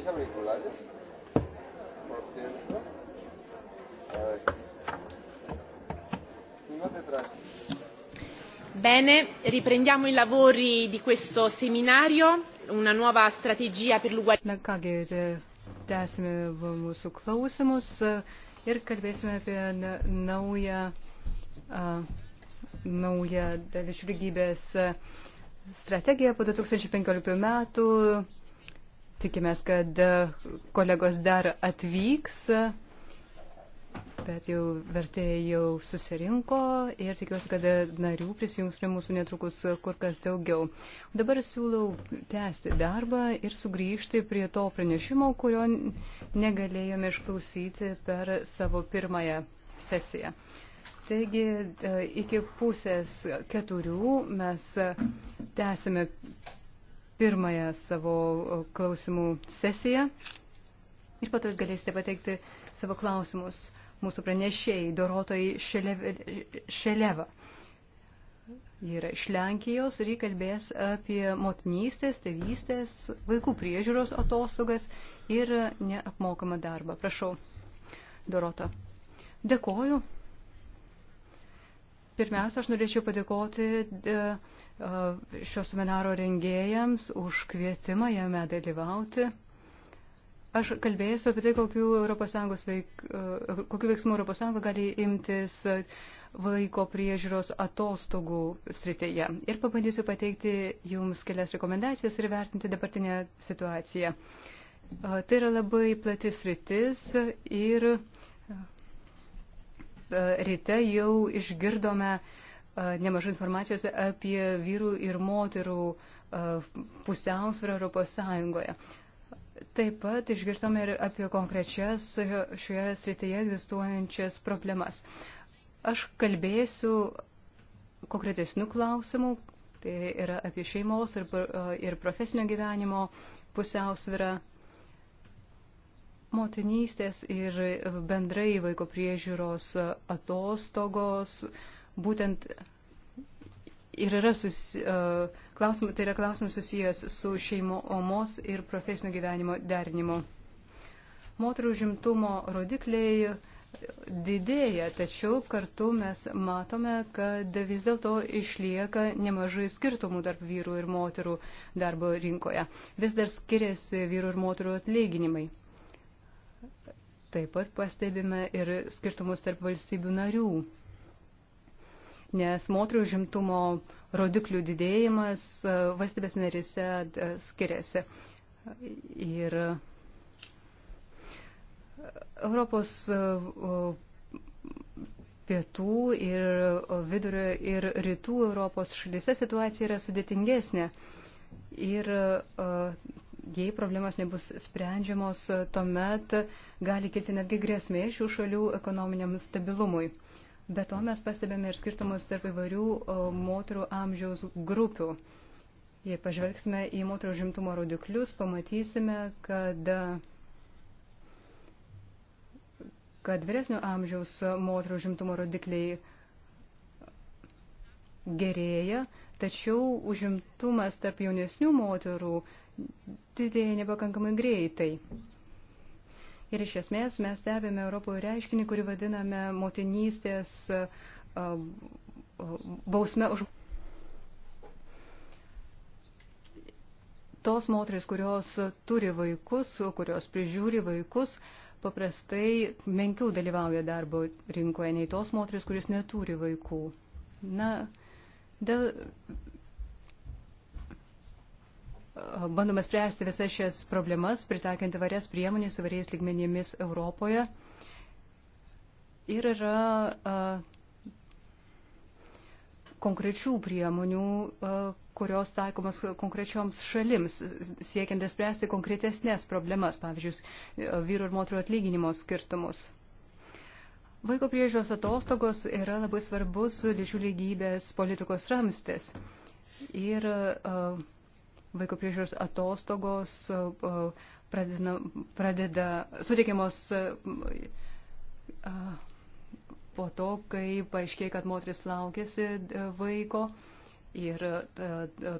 ¿Tenéis auriculares? Por cierto. A ver. Uno detrás. Bene, riprendiamo i lavori di questo seminario, una nuova strategia per l'uguaglianza. Tęsime mūsų klausimus ir kalbėsime apie naują, uh, naują lyčių lygybės strategiją po 2015 metų. Tikimės, kad e, kolegos dar atvyks, bet jau vertėjai jau susirinko ir tikiuosi, kad e, narių prisijungs prie mūsų netrukus kur kas daugiau. Dabar siūlau tęsti darbą ir sugrįžti prie to pranešimo, kurio negalėjome išklausyti per savo pirmąją sesiją. Taigi e, iki pusės keturių mes tęsime pirmąją savo klausimų sesiją ir patos galėsite pateikti savo klausimus mūsų pranešėjai Dorotai Šeleva. Ji yra iš Lenkijos ir ji kalbės apie motinystės, tėvystės, vaikų priežiūros atostogas ir neapmokamą darbą. Prašau, Dorota. Dėkoju. Pirmiausia, aš norėčiau padėkoti. De, E, šio seminaro rengėjams už kvietimą jame dalyvauti. Aš kalbėsiu apie tai, kokiu, veik, e, kokiu veiksmu ES gali imtis vaiko priežiūros atostogų srityje. Ir pabandysiu pateikti jums kelias rekomendacijas ir vertinti dabartinę situaciją. E, tai yra labai plati sritis ir ryte jau išgirdome uh, nemažai informacijos apie vyrų ir moterų pusiausvyrą Europos Sąjungoje. Taip pat išgirdome ir apie konkrečias šioje srityje egzistuojančias problemas. Aš kalbėsiu konkretesnių klausimų, tai yra apie šeimos ir, ir profesinio gyvenimo pusiausvyrą, motinystės ir bendrai vaiko priežiūros atostogos, uh, būtent ir yra susi, uh, e, klausimai, tai yra klausimai susijęs su šeimo omos ir profesinio gyvenimo derinimu. Moterų žimtumo rodikliai didėja, tačiau kartu mes matome, kad vis dėlto išlieka nemažai skirtumų tarp vyrų ir moterų darbo rinkoje. Vis dar skiriasi vyrų ir moterų atlyginimai. Taip pat pastebime ir skirtumus tarp valstybių narių nes moterų žimtumo rodiklių didėjimas e, valstybės narise e, skiriasi. Ir e, Europos pietų ir vidurio ir rytų Europos šalyse situacija yra sudėtingesnė. Ir jei problemos nebus sprendžiamos, tuomet gali kilti netgi grėsmė šių šalių ekonominiam stabilumui. Be to mes pastebėme ir skirtumus tarp įvairių moterų amžiaus grupių. Jei pažvelgsime į moterų žimtumo rodiklius, pamatysime, kad, kad vyresnio amžiaus moterų žimtumo rodikliai gerėja, tačiau užimtumas tarp jaunesnių moterų didėja nepakankamai greitai. Ir iš esmės mes stebime Europoje reiškinį, kurį vadiname motinystės bausme už. Tos moteris, kurios turi vaikus, kurios prižiūri vaikus, paprastai menkiau dalyvauja darbo rinkoje nei tos moteris, kuris neturi vaikų. Na, dėl bandome spręsti visas šias problemas, pritaikant įvairias priemonės įvairiais ligmenėmis Europoje. Ir yra a, konkrečių priemonių, a, kurios taikomos konkrečioms šalims, siekiant spręsti konkretesnės problemas, pavyzdžiui, vyrų ir moterų atlyginimo skirtumus. Vaiko priežiūros atostogos yra labai svarbus lyčių lygybės politikos ramstis. Ir uh, vaiko priežiūros atostogos e, e, pradeda, pradeda suteikiamos e, po to, kai paaiškėja, kad moteris laukėsi vaiko. Ir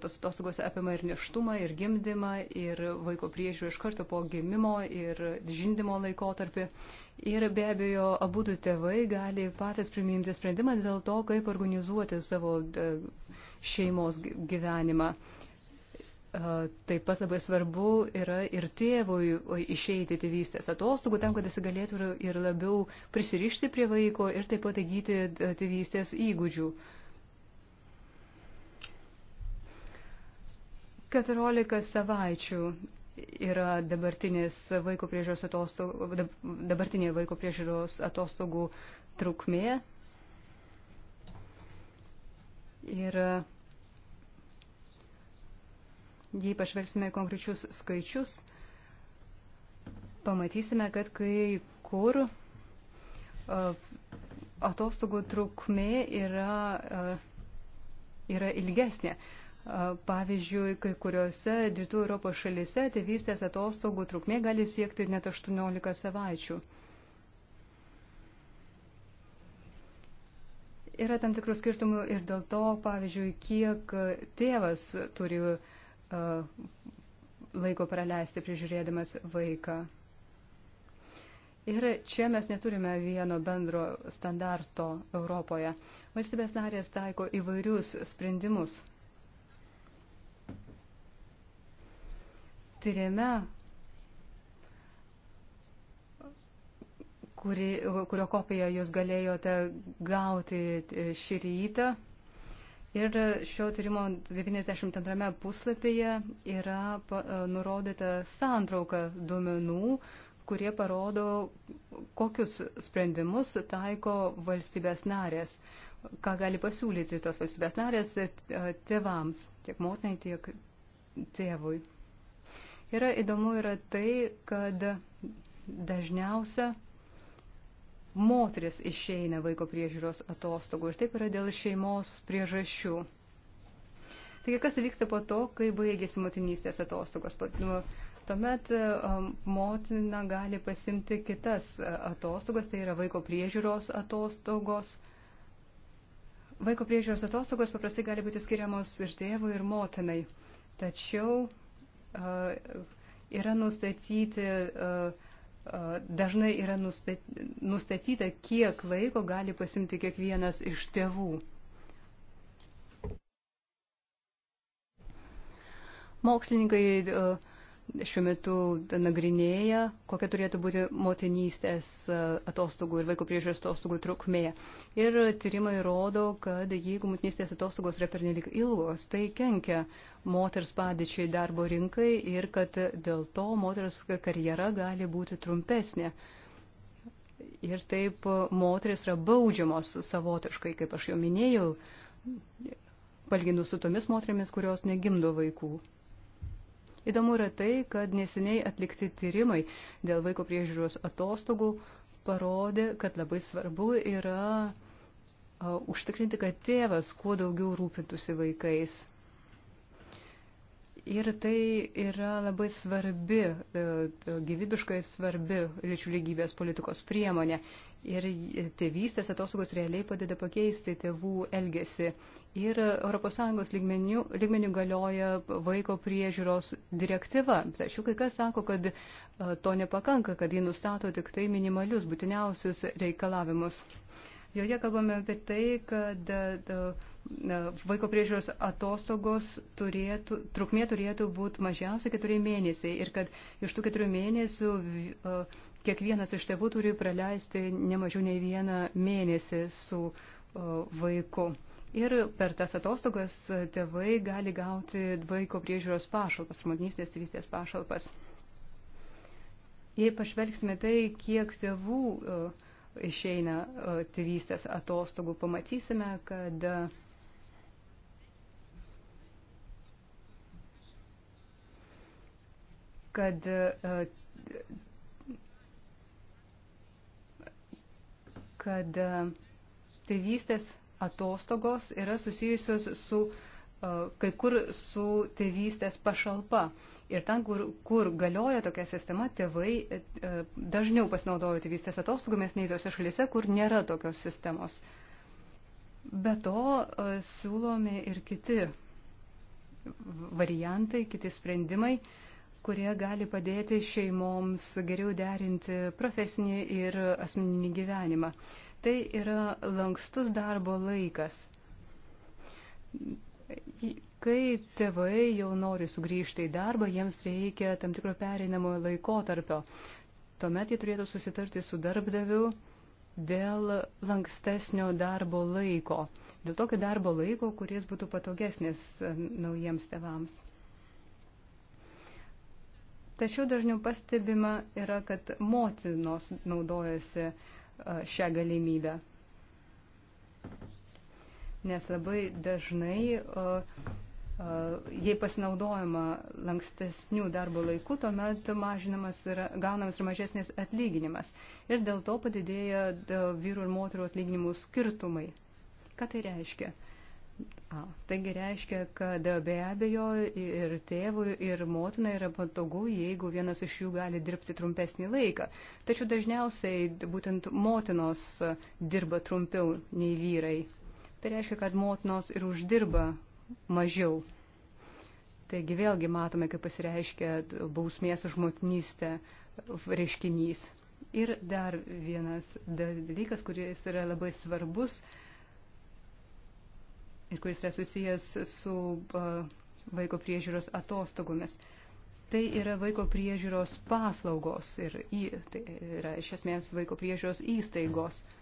tos atostogos apima ir neštumą, ir gimdymą, ir vaiko priežiūrą iš karto po gimimo, ir žindimo laikotarpį. Ir be abejo, abu du tėvai gali patys priminti sprendimą dėl to, kaip organizuoti savo šeimos gyvenimą. Taip pat labai svarbu yra ir tėvui išeiti tėvystės atostogų tam, kad jis galėtų ir labiau prisirišti prie vaiko ir taip pat įgyti tėvystės įgūdžių. 14 savaičių yra dabartinės vaiko priežiūros atostogų, dabartinė vaiko priežiūros atostogų trukmė. Ir Jei pažvelgsime konkrečius skaičius, pamatysime, kad kai kur atostogų trukmė yra, yra ilgesnė. Pavyzdžiui, kai kuriuose rytų Europos šalise tėvystės atostogų trukmė gali siekti net 18 savaičių. Yra tam tikrų skirtumų ir dėl to, pavyzdžiui, kiek tėvas turi uh, E, laiko praleisti prižiūrėdamas vaiką. Ir čia mes neturime vieno bendro standarto Europoje. Valstybės narės taiko įvairius sprendimus. Tyrėme, kuri, kurio kopiją jūs galėjote gauti šį rytą. Ir šio tyrimo 92 puslapyje yra e, nurodyta santrauka duomenų, kurie parodo, kokius sprendimus taiko valstybės narės, ką gali pasiūlyti tos valstybės narės e, tėvams, tiek motinai, tiek tėvui. Yra įdomu yra tai, kad dažniausia moteris išeina vaiko priežiūros atostogų ir taip yra dėl šeimos priežasčių. Taigi, kas vyksta po to, kai baigėsi motinystės atostogos? Nu, tuomet um, motina gali pasimti kitas uh, atostogas, tai yra vaiko priežiūros atostogos. Vaiko priežiūros atostogos paprastai gali būti skiriamos ir tėvui, ir motinai. Tačiau uh, yra nustatyti uh, dažnai yra nustatyta, kiek laiko gali pasimti kiekvienas iš tėvų. Mokslininkai šiuo metu nagrinėja, kokia turėtų būti motinystės atostogų ir vaiko priežiūros atostogų trukmė. Ir tyrimai rodo, kad jeigu motinystės atostogos yra pernelik ilgos, tai kenkia uh, moters padėčiai darbo rinkai ir kad dėl to moters karjera gali būti trumpesnė. Ir taip moteris yra baudžiamos savotiškai, kaip aš jau minėjau, palyginus su tomis moteriamis, kurios negimdo vaikų. Įdomu yra tai, kad neseniai atlikti tyrimai dėl vaiko priežiūros atostogų parodė, kad labai svarbu yra a, užtikrinti, kad tėvas kuo daugiau rūpintųsi vaikais. Ir tai yra labai svarbi, e, gyvybiškai svarbi lyčių lygybės politikos priemonė. Ir tėvystės atostogos realiai padeda pakeisti tėvų elgesį. Ir ES lygmenių, lygmenių galioja vaiko priežiūros direktyva. Tačiau kai kas sako, kad e, to nepakanka, kad ji nustato tik tai minimalius būtiniausius reikalavimus. Joje kalbame apie tai, kad e, e, vaiko priežiūros atostogos turėtų, trukmė turėtų būti mažiausiai keturi mėnesiai ir kad iš tų keturių mėnesių e, kiekvienas iš tėvų turi praleisti nemažiau nei vieną mėnesį su vaiku. Ir per tas atostogas tėvai gali gauti vaiko priežiūros pašalpas, žmognystės tėvystės pašalpas. Jei pažvelgsime tai, kiek tėvų uh, išeina e, tėvystės atostogų, pamatysime, kad e, kad e, kad tėvystės atostogos yra susijusios su kai kur su tėvystės pašalpa. Ir ten, kur, kur galioja tokia sistema, tėvai e, e, dažniau pasinaudoja tėvystės atostogomis nei tose šalise, kur nėra tokios sistemos. Be to e, siūlomi ir kiti variantai, kiti sprendimai, kurie gali padėti šeimoms geriau derinti profesinį ir asmeninį gyvenimą. Tai yra lankstus darbo laikas Kai tėvai jau nori sugrįžti į darbą, jiems reikia tam tikro pereinamojo laikotarpio. Tuomet jie turėtų susitarti su darbdaviu dėl lankstesnio darbo laiko, dėl tokio darbo laiko, kuris būtų patogesnis e, naujiems tevams. Tačiau dažniau pastebima yra, kad motinos naudojasi e, šią galimybę. Nes labai dažnai e, jei pasinaudojama lankstesnių darbo laikų, tuomet mažinamas yra, gaunamas ir mažesnis atlyginimas. Ir dėl to padidėja e, vyrų ir moterų atlyginimų skirtumai. Ką tai reiškia? A, taigi reiškia, kad be abejo ir tėvui, ir motinai yra patogu, jeigu vienas iš jų gali dirbti trumpesnį laiką. Tačiau dažniausiai būtent motinos dirba trumpiau nei vyrai. Tai reiškia, kad motinos ir uždirba mažiau. Taigi vėlgi matome, kaip pasireiškia bausmės žmotnystė reiškinys. Ir dar vienas dalykas, kuris yra labai svarbus ir kuris yra susijęs su vaiko priežiūros atostogomis. Tai yra vaiko priežiūros paslaugos ir tai yra iš esmės vaiko priežiūros įstaigos. Mm.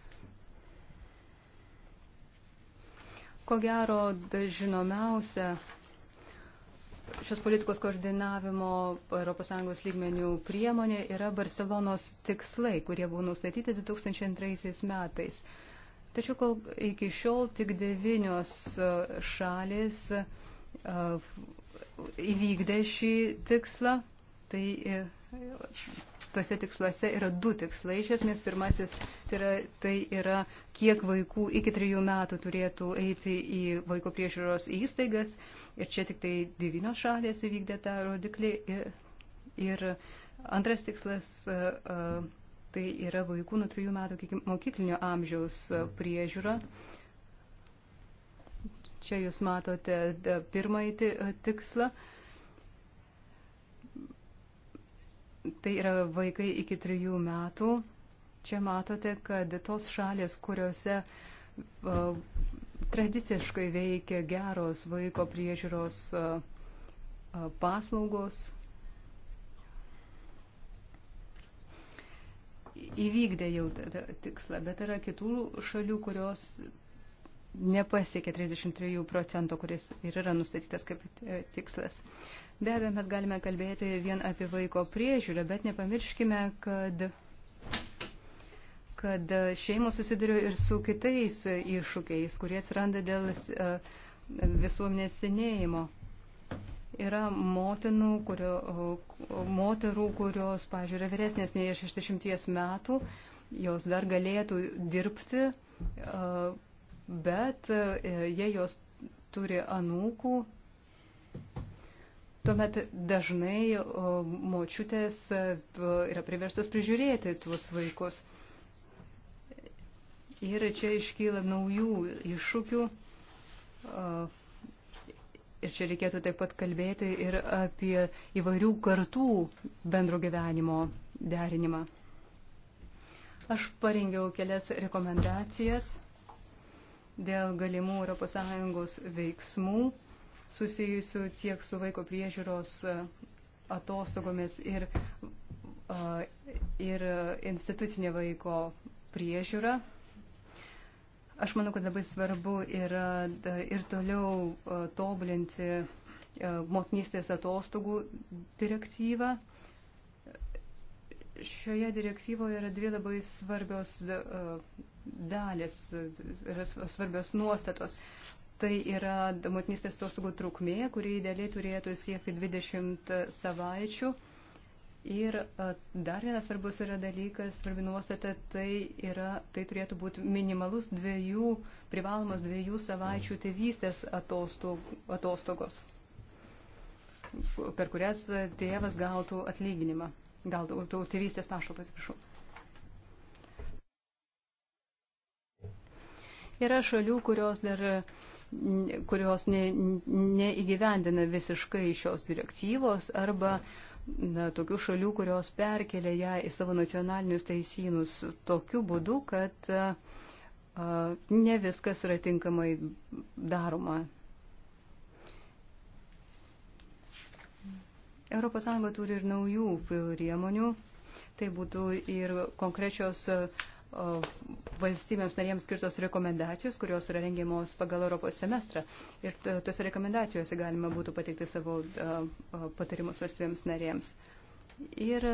Ko gero, žinomiausia šios politikos koordinavimo ES lygmenių priemonė yra Barcelonos tikslai, kurie buvo nustatyti 2002 metais. Tačiau kol iki šiol tik devynios e, šalis e, įvykdė šį tikslą. Tai e, tuose tiksluose yra du tikslai. Iš esmės pirmasis tai yra, tai yra kiek vaikų iki trijų metų turėtų eiti į vaiko priežiūros įstaigas. Ir čia tik tai devynios šalės įvykdė tą rodiklį. Ir, ir antras tikslas. Tai yra vaikų nuo trijų metų iki mokyklinio amžiaus priežiūra. Čia jūs matote pirmąjį tikslą. Uh, tai yra vaikai iki trijų metų. Čia matote, kad tos šalis, kuriuose tradiciškai veikia geros vaiko priežiūros paslaugos, įvykdė jau tikslą, bet yra kitų šalių, kurios nepasiekė 33 procento, kuris ir yra nustatytas kaip e, tikslas. Be abejo, mes galime kalbėti vien apie vaiko priežiūrą, bet nepamirškime, kad, kad šeimos susiduria ir su kitais iššūkiais, kurie atsiranda dėl e, visuomenės senėjimo yra motinų, kurio, moterų, kurios, pažiūrė, yra vyresnės nei 60 metų, jos dar galėtų dirbti, e, bet e, jei jos turi anūkų, tuomet dažnai močiutės e, yra priverstos prižiūrėti tuos vaikus. Ir čia iškyla naujų iššūkių. Ir čia reikėtų taip pat kalbėti ir apie įvairių kartų bendro gyvenimo derinimą. Aš parengiau kelias rekomendacijas dėl galimų ES veiksmų susijusių tiek su vaiko priežiūros e, atostogomis ir, ir institucinė vaiko priežiūra. Aš manau, kad labai svarbu yra e, ir toliau e, tobulinti motinystės atostogų direktyvą. Šioje direktyvoje yra dvi labai svarbios dalis, yra svarbios nuostatos. Tai yra motinystės atostogų trukmė, kuri idealiai turėtų siekti 20 savaičių. Ir dar vienas svarbus yra dalykas, svarbi nuostata, tai, yra, tai turėtų būti minimalus dviejų, privalomas dviejų savaičių tėvystės atostogos, per kurias tėvas gautų atlyginimą, gautų tėvystės pašalpas, prašau. Yra šalių, kurios dar uh, kurios ne, neįgyvendina visiškai šios direktyvos arba na, tokių šalių, kurios perkelia ją į savo nacionalinius teisynus tokiu būdu, kad a, ne viskas yra tinkamai daroma. ES turi ir naujų priemonių, tai būtų ir konkrečios a, valstybėms narėms skirtos rekomendacijos, kurios yra rengiamos pagal Europos semestrą. Ir tose rekomendacijose galima būtų pateikti savo patarimus valstybėms narėms. Ir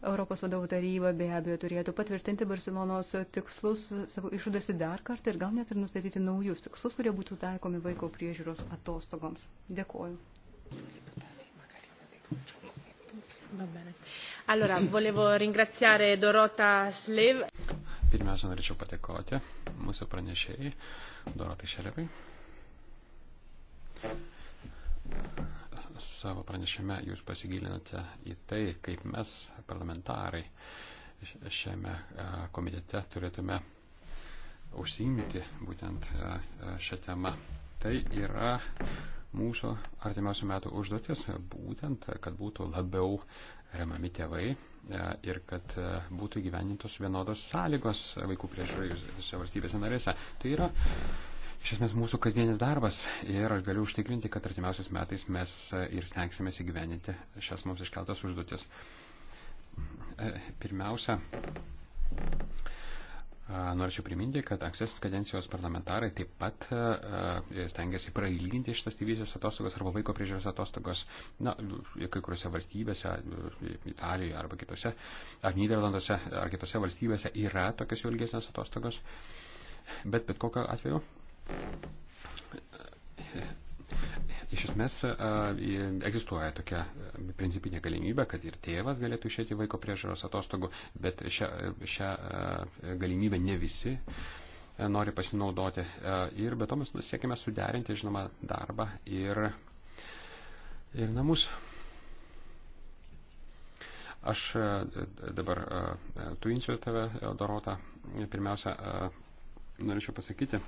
Europos vadovų taryba be abejo turėtų patvirtinti Barcelonos tikslus savo išvadasi dar kartą ir gal net ir nustatyti naujus tikslus, kurie būtų taikomi vaiko priežiūros atostogoms. Dėkuoju. Va bene. Allora, volevo ringraziare Dorota Slev. Pirmiausia, norėčiau patekoti mūsų pranešėjai Dorotai Šelevai. Savo pranešime jūs pasigilinote į tai, kaip mes, parlamentarai, šiame e, komitete turėtume užsiimti būtent e, e, šią temą. Tai yra mūsų artimiausių metų užduotis būtent, kad būtų labiau remami tėvai e, ir kad e, būtų gyvenintos vienodos sąlygos vaikų priežiūrai visose valstybėse narėse. Tai yra iš esmės mūsų kasdienis darbas ir aš galiu užtikrinti, kad artimiausiais metais mes e, ir stengsime įgyveninti šias mums iškeltas užduotis. Pirmiausia, Norėčiau priminti, kad ankstesnės kadencijos parlamentarai taip pat stengiasi prailginti šitas tėvysės atostogas arba vaiko priežiūros atostogas, na, kai kuriuose valstybėse, Italijoje arba kitose, ar Niderlanduose, ar kitose valstybėse yra tokios jau ilgesnės atostogos. Bet bet kokiu atveju Iš esmės egzistuoja tokia e, principinė galimybė, kad ir tėvas galėtų išėti vaiko priežaros atostogų, bet šią, šią e, galimybę ne visi e, nori pasinaudoti. Ir be to mes nu, siekime suderinti, žinoma, darbą ir, ir namus. Aš dabar tuinsiu tave, Dorota. Pirmiausia, norėčiau pasakyti,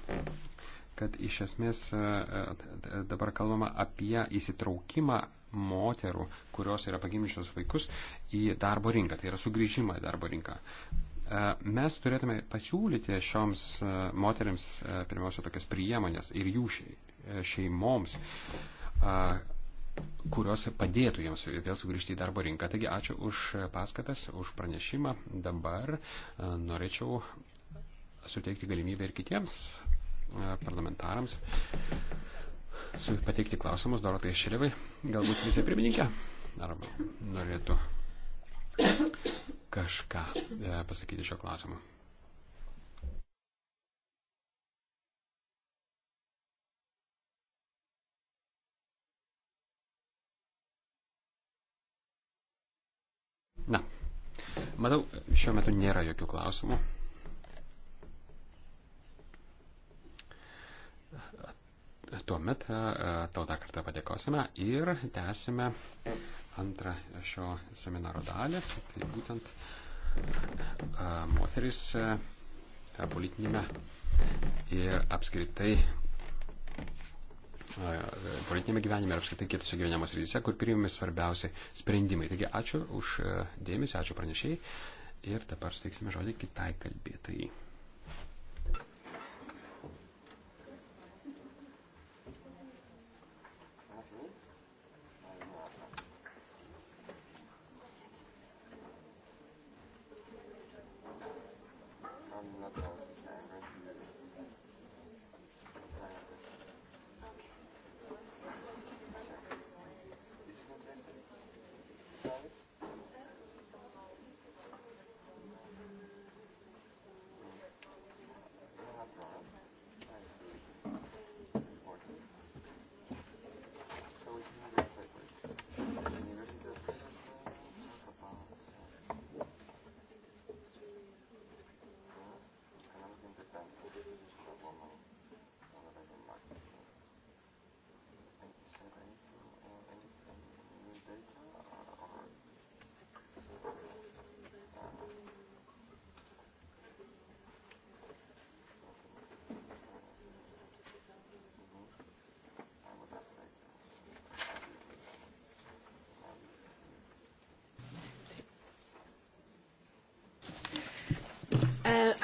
kad iš esmės e, e, e, dabar kalbama apie įsitraukimą moterų, kurios yra pagimdžiusios vaikus, į darbo rinką, tai yra sugrįžimą į darbo rinką. Mes turėtume pasiūlyti šioms moteriams pirmiausia tokias priemonės ir jų šeimoms, kurios padėtų jiems vėl sugrįžti į darbo rinką. Taigi ačiū už paskatas, už pranešimą. Dabar norėčiau suteikti galimybę ir kitiems E, parlamentarams pateikti klausimus Dorotai Šilevai, galbūt vicepirmininkė, ar norėtų kažką e, pasakyti šio klausimu. Na, matau, šiuo metu nėra jokių klausimų. Tuomet e, tau dar kartą padėkosime ir tęsime antrą šio seminaro dalį. Tai būtent e, moteris e, politinėme ir apskritai politinėme gyvenime ir apskritai kitose gyvenimo srityse, kur priimami svarbiausi sprendimai. Taigi ačiū už dėmesį, ačiū pranešėjai ir dabar steiksime žodį kitai kalbėtojai.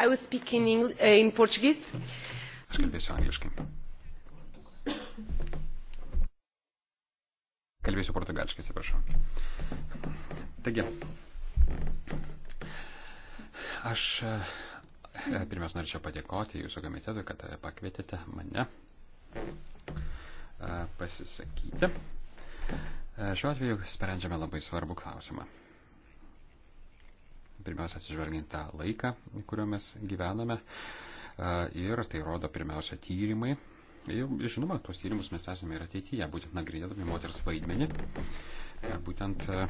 I will speak in, English, eh, uh, in Portuguese. Aš kalbėsiu angliškai. Kalbėsiu portugališkai, atsiprašau. Taigi, aš eh, pirmiausia norėčiau padėkoti Jūsų komitetui, kad eh, pakvietėte mane pasisakyti. Šiuo atveju sprendžiame labai svarbų klausimą pirmiausia atsižvelgiant tą laiką, kuriuo mes gyvename. E, ir tai rodo pirmiausia tyrimai. Ir žinoma, tuos tyrimus mes esame ir ateityje, būtent nagrinėdami moters vaidmenį, e, būtent e,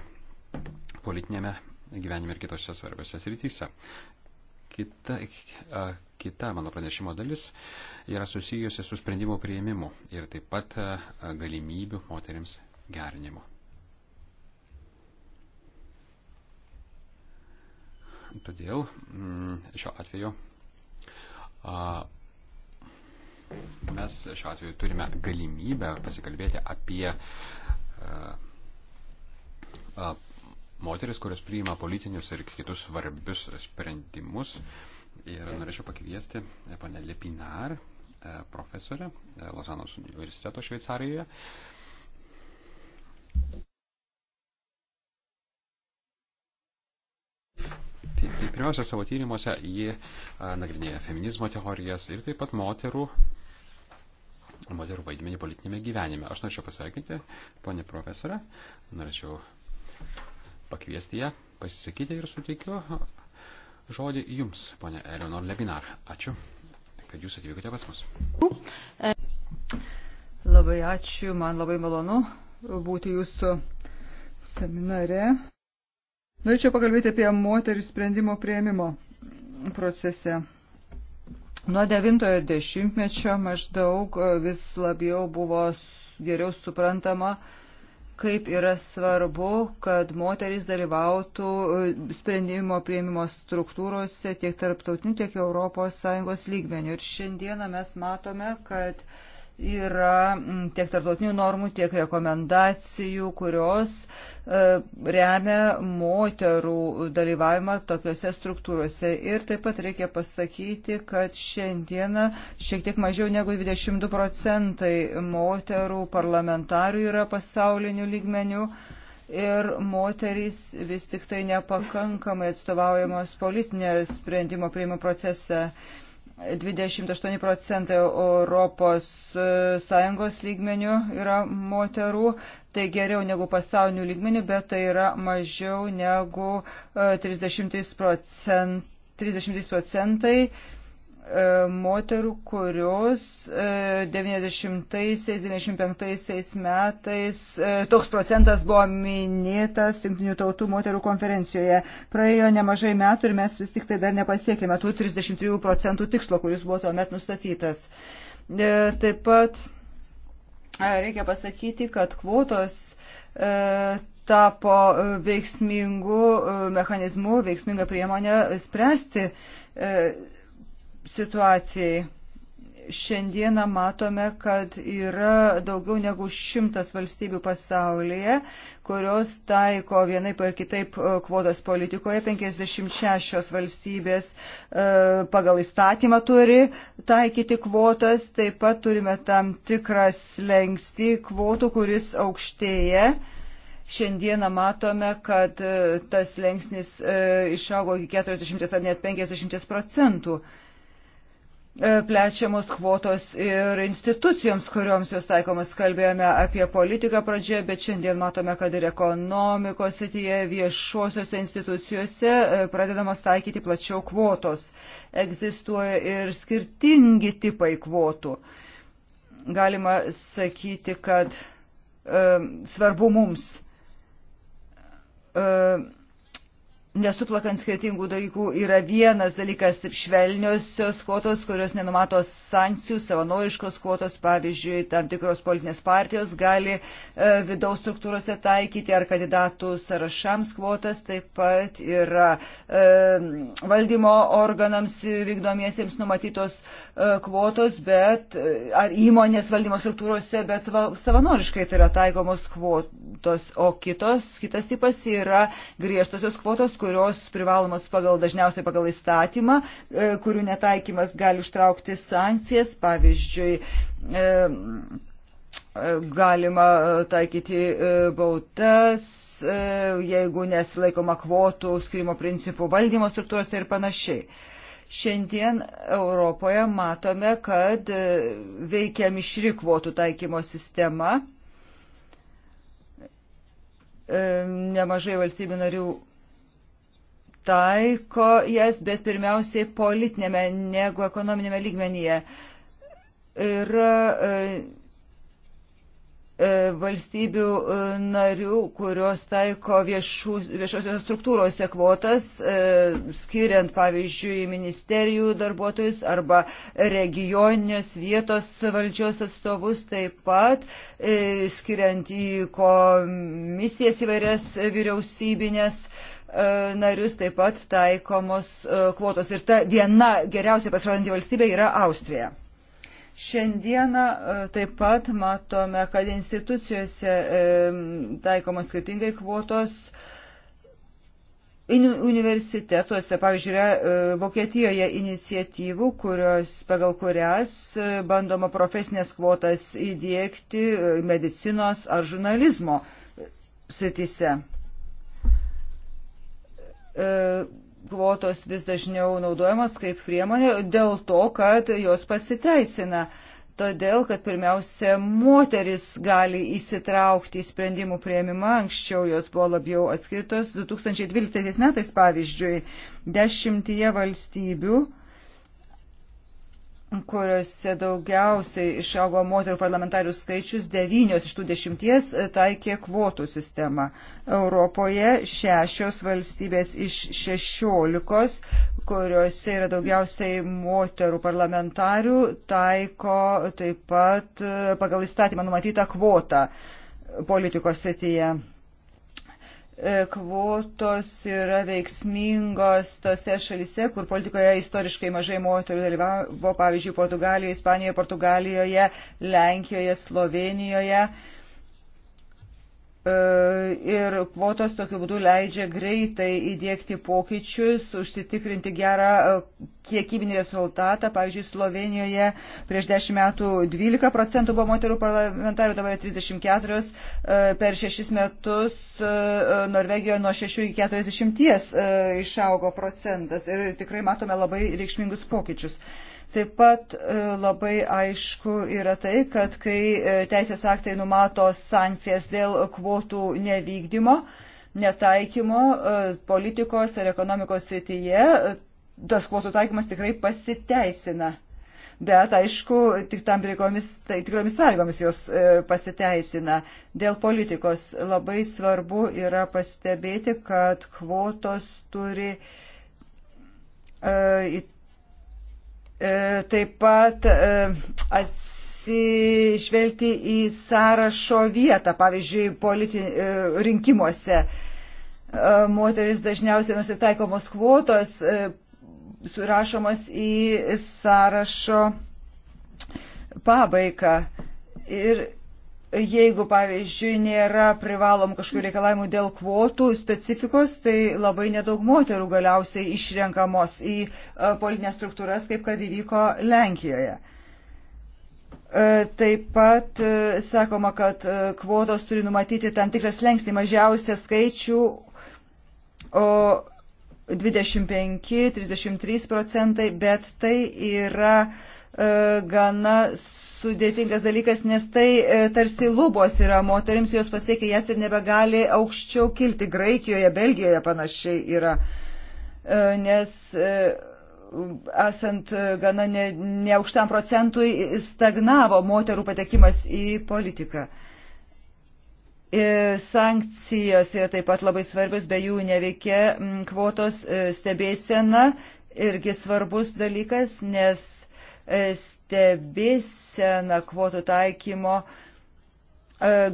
politinėme gyvenime ir kitose svarbiose srityse. Kita, kita mano pranešimo dalis yra susijusi su sprendimo prieimimu ir taip pat galimybių moteriams gerinimu. Todėl mm, šiuo atveju mes šiuo atveju turime galimybę pasikalbėti apie moteris, kurios priima politinius ir kitus svarbius sprendimus. Ir norėčiau pakviesti panelį Pinar, profesorę Lozanos universiteto Šveicarijoje. Pirmiausia, savo tyrimuose ji nagrinėja feminizmo teorijas ir taip pat moterų, moterų vaidmenį politinėme gyvenime. Aš norėčiau pasveikinti ponį profesorę, norėčiau pakviesti ją pasisakyti ir suteikiu žodį jums, ponė Eleonor Lebinar. Ačiū, kad jūs atvykote pas mus. Labai ačiū, man labai malonu būti jūsų seminare. Norėčiau pakalbėti apie moterį sprendimo prieimimo procese. Nuo 90-ojo dešimtmečio maždaug vis labiau buvo geriau suprantama, kaip yra svarbu, kad moteris dalyvautų sprendimo prieimimo struktūrose tiek tarptautinių, tiek ES lygmenių. Ir šiandieną mes matome, kad uh, yra mm, tiek tarptautinių normų, tiek rekomendacijų, kurios e, remia moterų dalyvavimą tokiuose struktūrose. Ir taip pat reikia pasakyti, kad šiandieną šiek tiek mažiau negu 22 procentai moterų parlamentarių yra pasaulinių lygmenių. Ir moterys vis tik tai nepakankamai atstovaujamos politinio sprendimo prieimimo procese. Uh, 28 procentai Europos e, Sąjungos lygmenių yra moterų, tai geriau negu pasaulinių lygmenių, bet tai yra mažiau negu 33 e, procentai. 33 procentai E, moterų, kurios 90-95 e, metais e, toks procentas buvo minėtas Junktinių tautų moterų konferencijoje. Praėjo nemažai metų ir mes vis tik tai dar nepasiekėme tų 33 procentų tikslo, kuris buvo tuomet nustatytas. Taip pat reikia pasakyti, kad kvotos tapo veiksmingų mechanizmų, veiksmingą priemonę spręsti situacijai. Šiandieną matome, kad yra daugiau negu šimtas valstybių pasaulyje, kurios taiko vienai par kitaip e, kvotas politikoje. 56 valstybės e, pagal įstatymą turi taikyti kvotas. Taip pat turime tam tikrą slengsti kvotų, kuris aukštėja. Šiandieną matome, kad e, tas lengsnis išaugo iki 40 ar net 50 procentų. E, plečiamos kvotos ir institucijoms, kurioms jos taikomas. Kalbėjome apie politiką pradžioje, bet šiandien matome, kad ir ekonomikos sityje viešuosiuose institucijose e, pradedamos taikyti plačiau kvotos. Egzistuoja ir skirtingi tipai kvotų. Galima sakyti, kad e, svarbu mums. E, nesuplakant skirtingų dalykų yra vienas dalykas taip švelniosios kvotos, kurios nenumato sankcijų, savanoriškos kvotos, pavyzdžiui, tam tikros politinės partijos gali e, vidaus struktūrose taikyti ar kandidatų sąrašams kvotas, taip pat yra e, valdymo organams vykdomiesiems numatytos e, kvotos, bet e, ar įmonės valdymo struktūrose, bet va, savanoriškai tai yra taikomos kvotos, o kitos, kitas tipas yra griežtosios kvotos, kurios privalomos pagal dažniausiai pagal įstatymą, e, kurių netaikymas gali užtraukti sankcijas, pavyzdžiui, e, e, galima taikyti bautas, jeigu nesilaikoma kvotų skirimo principų valdymo struktūrose ir panašiai. Šiandien Europoje matome, kad veikia mišri kvotų taikymo sistema. Nemažai valstybių narių taiko jas, bet pirmiausiai politinėme negu ekonominėme lygmenyje. Ir e, e, valstybių e, narių, kurios taiko viešų, viešosios struktūrose kvotas, skiriant pavyzdžiui ministerijų darbuotojus arba regioninės vietos valdžios atstovus, taip pat skiriant į komisijas įvairias vyriausybinės E, narius taip pat taikomos e, kvotos. Ir ta viena geriausiai pasirodanti valstybė yra Austrija. Šiandieną e, taip pat matome, kad institucijose taikomos skirtingai kvotos. Universitetuose, pavyzdžiui, yra Vokietijoje iniciatyvų, kurios, pagal kurias bandoma profesinės kvotas įdėkti medicinos ar žurnalizmo sritise. E, kvotos vis dažniau naudojamas kaip priemonė dėl to, kad jos pasiteisina. Todėl, kad pirmiausia, moteris gali įsitraukti į sprendimų prieimimą, anksčiau jos buvo labiau atskirtos. 2012 metais, pavyzdžiui, dešimtyje valstybių kuriuose daugiausiai išaugo moterų parlamentarių skaičius, devynios iš tų dešimties e, taikė kvotų sistemą. Europoje šešios valstybės iš šešiolikos, kuriuose yra daugiausiai moterų parlamentarių, taiko taip pat e, pagal įstatymą numatytą kvotą politikos setyje. E, kvotos yra veiksmingos tose šalise, kur politikoje istoriškai mažai moterų dalyvavo, pavyzdžiui, Portugalijoje, Ispanijoje, Portugalijoje, Lenkijoje, Slovenijoje. E, ir kvotos tokiu būdu leidžia greitai įdėkti pokyčius, užsitikrinti gerą e, kiekybinį rezultatą. Pavyzdžiui, Slovenijoje prieš 10 metų 12 procentų buvo moterų parlamentarių, dabar 34, e, per 6 metus Norvegijoje nuo 6 iki 40 išaugo procentas ir tikrai matome labai reikšmingus pokyčius. Taip pat e, labai aišku yra tai, kad kai e, teisės aktai numato sankcijas dėl kvotų nevykdymo, netaikymo e, politikos ar ekonomikos srityje, tas kvotų taikymas tikrai pasiteisina. Bet, aišku, tik tam tikromis, tai, tikromis sąlygomis jos e, pasiteisina. Dėl politikos labai svarbu yra pastebėti, kad kvotos turi e, E, taip pat e, atsižvelgti į sąrašo vietą, pavyzdžiui, politi, e, rinkimuose. Moteris dažniausiai nusitaikomos kvotos surašomas į sąrašo pabaigą. Ir Jeigu, pavyzdžiui, nėra privalom kažkokių reikalavimų dėl kvotų specifikos, tai labai nedaug moterų galiausiai išrenkamos į e, politinės struktūras, kaip kad įvyko Lenkijoje. E, taip pat e, sakoma, kad kvotos turi numatyti tam tikras lengsnį mažiausią skaičių, o 25-33 procentai, bet tai yra gana sudėtingas dalykas, nes tai e, tarsi lubos yra moterims, jos pasiekia jas ir nebegali aukščiau kilti. Graikijoje, Belgijoje panašiai yra, e, nes e, esant gana neaukštam ne, ne procentui stagnavo moterų patekimas į politiką. Sankcijos yra taip pat labai svarbios, be jų neveikia kvotos stebėsena irgi svarbus dalykas, nes E, stebėsena kvotų taikymo e,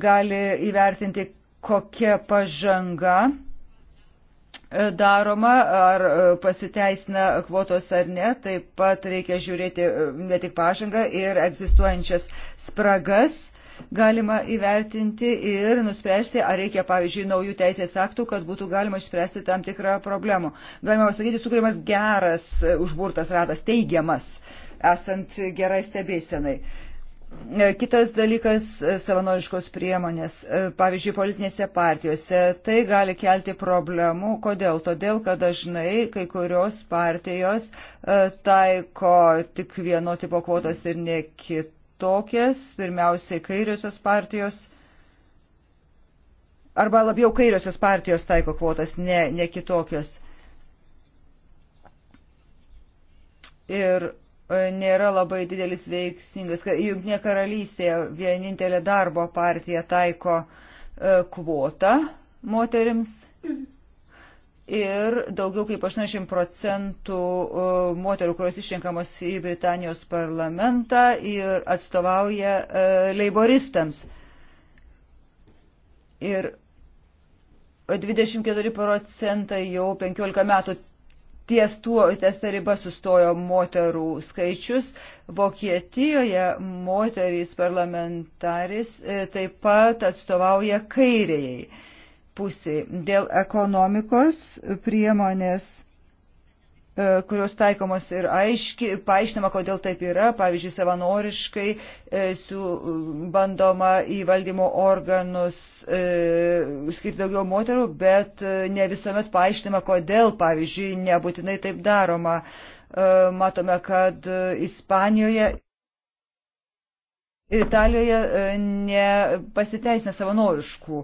gali įvertinti, kokia pažanga e, daroma, ar pasiteisina kvotos ar ne. Taip pat reikia žiūrėti ne tik pažangą ir egzistuojančias spragas galima įvertinti ir nuspręsti, ar reikia, pavyzdžiui, naujų teisės aktų, kad būtų galima išspręsti tam tikrą problemą. Galima pasakyti, sukūrimas geras užburtas ratas, teigiamas uh, esant gerai stebėsenai. E, kitas dalykas e, - savanoriškos priemonės. E, pavyzdžiui, politinėse partijose tai gali kelti problemų. Kodėl? Todėl, kad dažnai kai kurios partijos taiko tik vieno tipo kvotas ir ne kitokias, pirmiausiai kairiosios partijos. Arba labiau kairiosios partijos taiko kvotas, ne, ne kitokios. Ir E, nėra labai didelis veiksmingas. Junknė karalystėje vienintelė darbo partija taiko e, kvotą moterims ir daugiau kaip 80 procentų e, moterų, kurios išrinkamos į Britanijos parlamentą ir atstovauja leiboristams. Ir 24 procentai jau 15 metų ties tuo, ties ta riba sustojo moterų skaičius. Vokietijoje moterys parlamentaris e, taip pat atstovauja kairiai pusiai. Dėl ekonomikos priemonės E, kurios taikomos ir aiški, paaiškinama, kodėl taip yra. Pavyzdžiui, savanoriškai e, su, e, bandoma į valdymo organus e, skirti daugiau moterų, bet ne visuomet paaiškinama, kodėl, pavyzdžiui, nebūtinai taip daroma. E, matome, kad Ispanijoje. Ir Italijoje nepasiteisina savanoriškų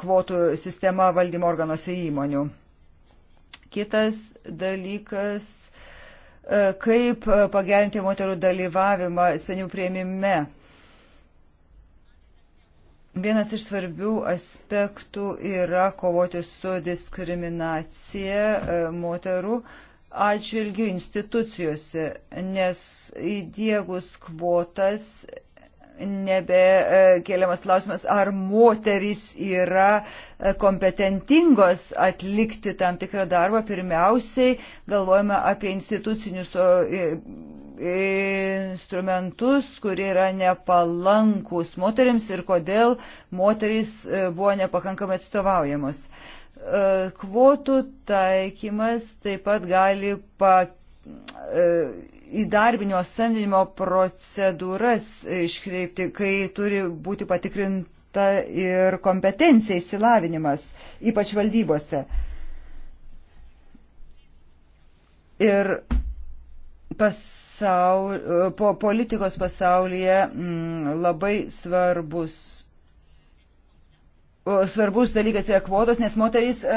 kvotų sistema valdymo organuose įmonių. Kitas dalykas, e, kaip e, pagerinti moterų dalyvavimą sprendimų prieimime. Vienas iš svarbių aspektų yra kovoti su diskriminacija e, moterų atžvilgių institucijose, nes įdiegus kvotas nebekeliamas e, klausimas, ar moterys yra e, kompetentingos atlikti tam tikrą darbą. Pirmiausiai galvojame apie institucinius instrumentus, kurie yra nepalankus moteriams ir kodėl moterys e, buvo nepakankamai atstovaujamos. Kvotų taikymas taip pat gali pakeisti E, įdarbinio samdymo procedūras iškreipti, kai turi būti patikrinta ir kompetencija įsilavinimas, ypač valdybose. Ir pasaul, po politikos pasaulyje m, mm, labai svarbus svarbus dalykas yra kvotos, nes moterys e,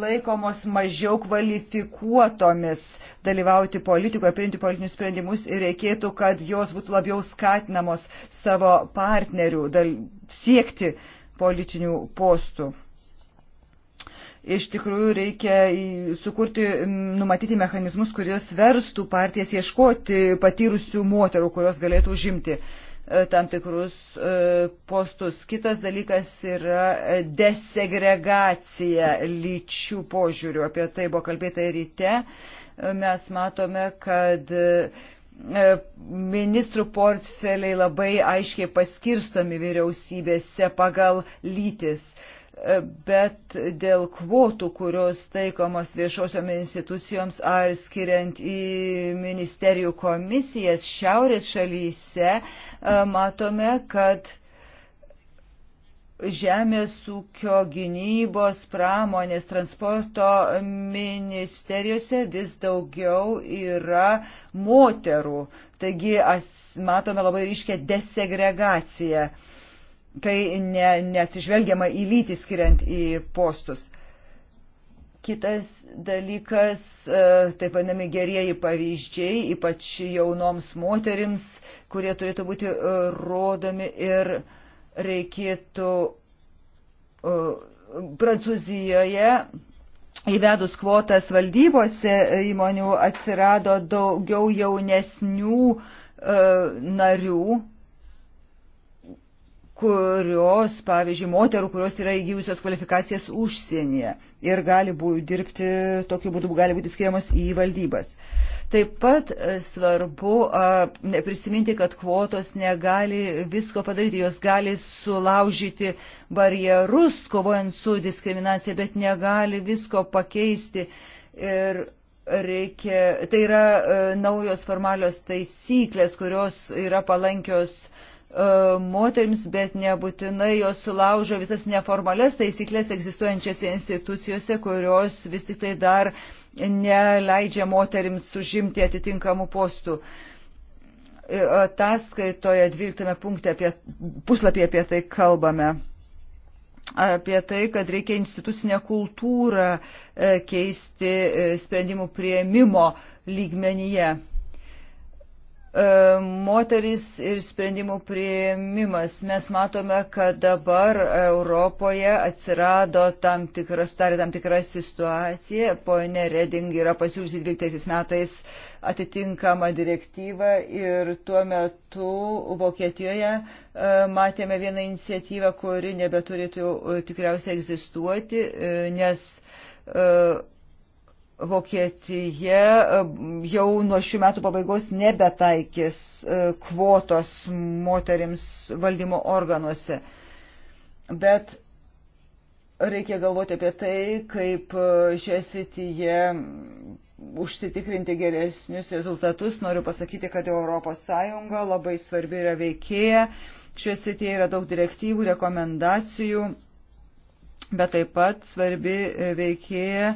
laikomos mažiau kvalifikuotomis dalyvauti politikoje, priimti politinius sprendimus ir reikėtų, kad jos būtų labiau skatinamos savo partnerių dal, siekti politinių postų. Iš tikrųjų reikia sukurti, numatyti mechanizmus, kurios verstų partijas ieškoti patyrusių moterų, kurios galėtų užimti uh, E, tam tikrus e, postus. Kitas dalykas yra desegregacija lyčių požiūrių. Apie tai buvo kalbėta ryte. E, mes matome, kad ministrų portfeliai labai aiškiai paskirstomi vyriausybėse pagal lytis bet dėl kvotų, kurios taikomos viešosiom institucijoms ar skiriant į ministerijų komisijas šiaurės šalyse, e, matome, kad žemės ūkio gynybos, pramonės, transporto ministerijose vis daugiau yra moterų. Taigi matome labai ryškę desegregaciją. Uh, kai ne, neatsižvelgiama į lytį skiriant į postus. Kitas dalykas, e, taip vadinami gerieji pavyzdžiai, ypač jaunoms moterims, kurie turėtų būti e, rodomi ir reikėtų e, Prancūzijoje įvedus kvotas valdybose įmonių atsirado daugiau jaunesnių narių kurios, pavyzdžiui, moterų, kurios yra įgyjusios kvalifikacijas užsienyje ir gali būti, dirbti, tokiu būdu gali būti skiriamos į valdybas. Taip pat e, svarbu a, prisiminti, kad kvotos negali visko padaryti, jos gali sulaužyti barjerus, kovojant su diskriminacija, bet negali visko pakeisti. Ir reikia, tai yra a, e, naujos formalios taisyklės, kurios yra palankios a, E, moterims, bet nebūtinai jos sulaužo visas neformales taisyklės egzistuojančias institucijose, kurios vis tik tai dar neleidžia moterims užimti atitinkamų postų. E, ataskaitoje 12 punkte apie, puslapį apie tai kalbame apie tai, kad reikia institucinę kultūrą e, keisti sprendimų prieimimo lygmenyje. E, moteris ir sprendimų prieimimas. Mes matome, kad dabar Europoje atsirado tam tikra, sutarė tam tikra situacija. Pone Reding yra pasiūlysi 12 metais atitinkamą direktyvą ir tuo metu Vokietijoje e, matėme vieną iniciatyvą, kuri nebeturėtų e, tikriausiai egzistuoti, nes Vokietija e, jau nuo šių metų pabaigos nebetaikys e, kvotos moterims valdymo organuose. Bet reikia galvoti apie tai, kaip e, šioje srityje užsitikrinti geresnius rezultatus. Noriu pasakyti, kad ES labai svarbi yra veikėja. Šioje srityje yra daug direktyvų, rekomendacijų, bet taip pat svarbi veikėja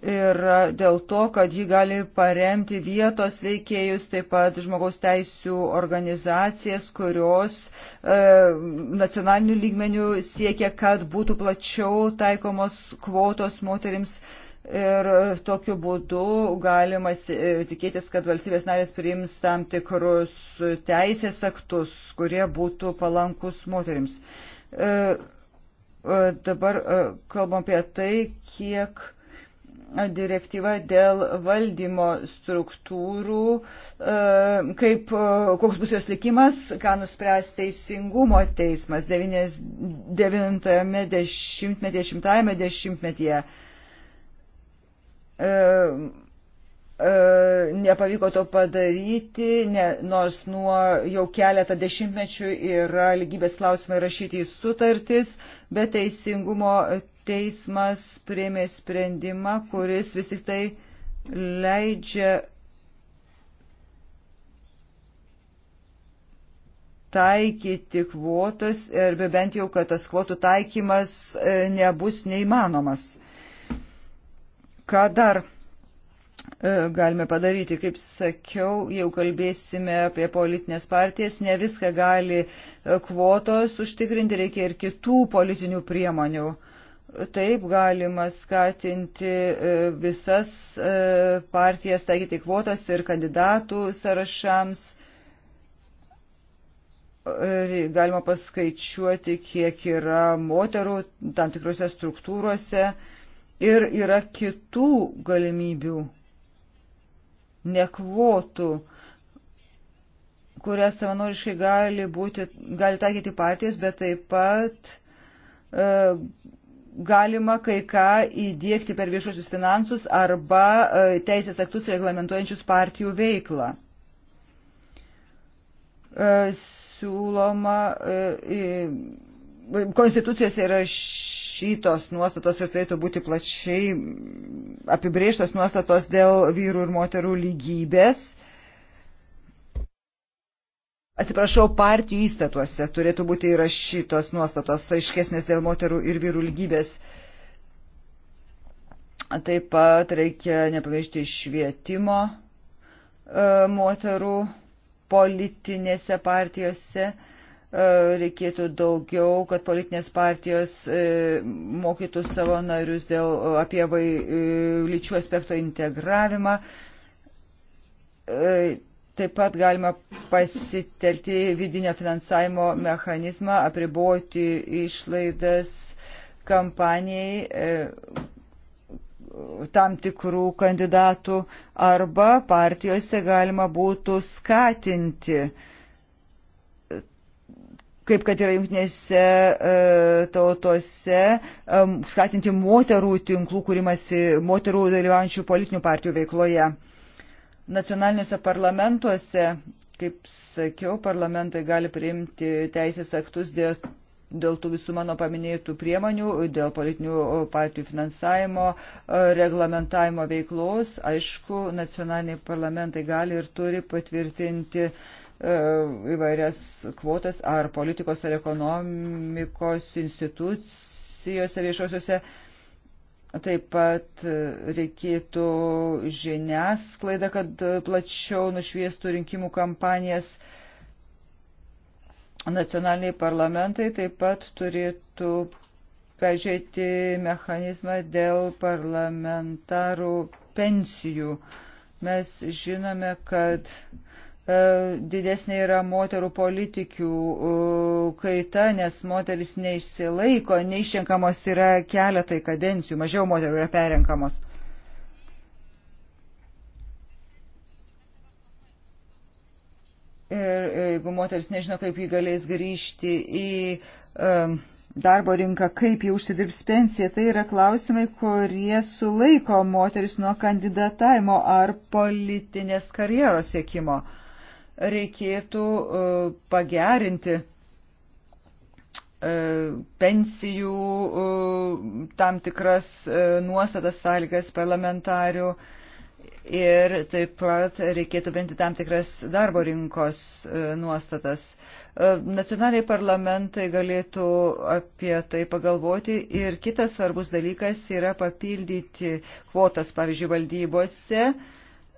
ir dėl to, kad ji gali paremti vietos veikėjus, taip pat žmogaus teisų organizacijas, kurios e, nacionalinių lygmenių siekia, kad būtų plačiau taikomos kvotos moterims. Ir tokiu būdu galima e, tikėtis, kad valstybės narės priims tam tikrus teisės aktus, kurie būtų palankus moterims. E, e, dabar e, kalbam apie tai, kiek e, direktyva dėl valdymo struktūrų, e, kaip, e, koks bus jos likimas, ką nuspręs teisingumo teismas 90-ame dešimtmetyje, 100-ame dešimtmetyje. E, nepavyko to padaryti, ne, nors nuo jau keletą dešimtmečių yra lygybės klausimai rašyti į sutartis, bet teisingumo teismas priėmė sprendimą, kuris vis tik tai leidžia taikyti kvotas ir bent jau, kad tas kvotų taikymas e, nebus neįmanomas. Ką dar e, galime padaryti, kaip sakiau, jau kalbėsime apie politinės partijas, ne viską gali e, kvotos užtikrinti, reikia ir kitų politinių priemonių Taip galima skatinti e, visas e, partijas taikyti kvotas ir kandidatų sąrašams. E, galima paskaičiuoti, kiek yra moterų tam tikrose struktūrose ir yra kitų galimybių, ne kvotų kurias savanoriškai gali, būti, gali taikyti partijos, bet taip pat e, galima kai ką įdėkti per viešuosius finansus arba e, teisės aktus reglamentuojančius partijų veiklą. E, siūloma, e, konstitucijose yra šitos nuostatos ir turėtų būti plačiai apibrėžtos nuostatos dėl vyrų ir moterų lygybės atsiprašau, partijų įstatuose turėtų būti įrašytos nuostatos aiškesnės dėl moterų ir vyrų lygybės. Taip pat reikia nepamiršti švietimo e, moterų politinėse partijose. E, reikėtų daugiau, kad politinės partijos e, mokytų savo narius dėl apie vai, lyčių aspekto integravimą Taip pat galima pasitelti vidinio finansavimo mechanizmą, apriboti išlaidas kampanijai e, tam tikrų kandidatų arba partijose galima būtų skatinti, kaip kad yra jungtinėse e, tautose, e, skatinti moterų tinklų kūrimasi, moterų dalyvaujančių politinių partijų veikloje nacionaliniuose parlamentuose, kaip sakiau, parlamentai gali priimti teisės aktus dėl, dėl tų visų mano paminėtų priemonių, dėl politinių partijų finansavimo, e, reglamentavimo veiklos. Aišku, nacionaliniai parlamentai gali ir turi patvirtinti e, įvairias kvotas ar politikos ar ekonomikos institucijose viešosiuose Taip pat reikėtų žiniasklaida, kad plačiau nušviestų rinkimų kampanijas. Nacionaliniai parlamentai taip pat turėtų peržiūrėti mechanizmą dėl parlamentarų pensijų. Mes žinome, kad uh, E, didesnė yra moterų politikių e, kaita, nes moteris neišsilaiko, neišrenkamos yra keletai kadencijų, mažiau moterų yra perenkamos. Ir jeigu moteris nežino, kaip jį galės grįžti į um, darbo rinką, kaip jie užsidirbs pensiją, tai yra klausimai, kurie sulaiko moteris nuo kandidatavimo ar politinės karjeros siekimo. Uh, reikėtų e, pagerinti e, pensijų e, tam tikras nuostatas sąlygas parlamentarių ir taip pat reikėtų bent tam tikras darbo rinkos nuostatas. Nacionaliai parlamentai galėtų apie tai pagalvoti ir kitas svarbus dalykas yra papildyti kvotas, pavyzdžiui, valdybose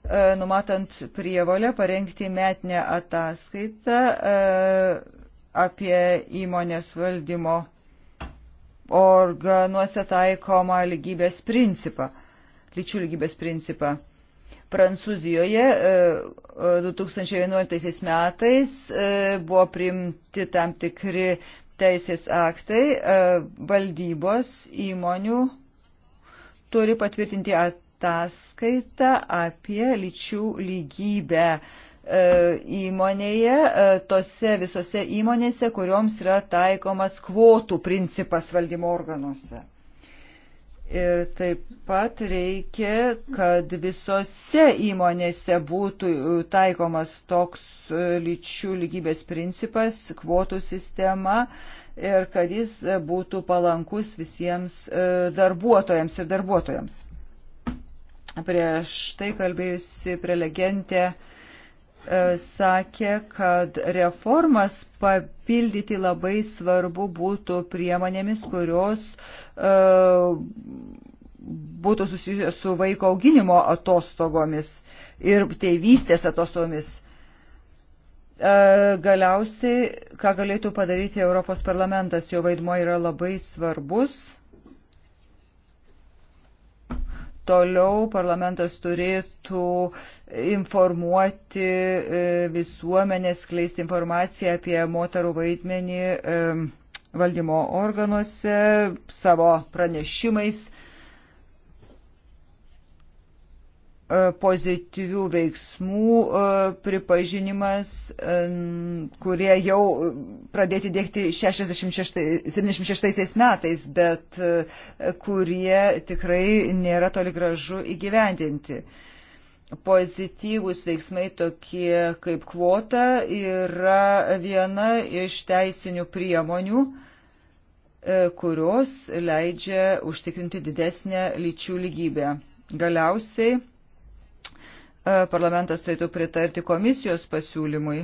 E, numatant prievolę parengti metinę ataskaitą e, apie įmonės valdymo organuose taikomą lygybės principą, lyčių lygybės principą. Prancūzijoje 2011 e, metais buvo priimti tam tikri teisės aktai, valdybos įmonių turi patvirtinti ataskaitą ataskaitą apie lyčių lygybę e, įmonėje, e, tose visose įmonėse, kurioms yra taikomas kvotų principas valdymo organuose. Ir taip pat reikia, kad visose įmonėse būtų e, taikomas toks lyčių lygybės principas, kvotų sistema ir kad jis būtų palankus visiems darbuotojams ir darbuotojams. Prieš tai kalbėjusi prelegentė e, sakė, kad reformas papildyti labai svarbu būtų priemonėmis, kurios e, būtų susijusios su vaiko auginimo atostogomis ir tėvystės atostogomis. E, galiausiai, ką galėtų padaryti Europos parlamentas, jo vaidmo yra labai svarbus toliau parlamentas turėtų informuoti e, visuomenę, skleisti informaciją apie moterų vaidmenį e, valdymo organuose savo pranešimais E, pozityvių veiksmų e, pripažinimas, e, kurie jau pradėti dėkti 66, 76 metais, bet kurie tikrai nėra toli gražu įgyvendinti. Pozityvūs veiksmai tokie kaip kvota yra viena iš teisinių priemonių, kurios leidžia užtikrinti didesnę lyčių lygybę. Galiausiai E, parlamentas turėtų pritarti komisijos pasiūlymui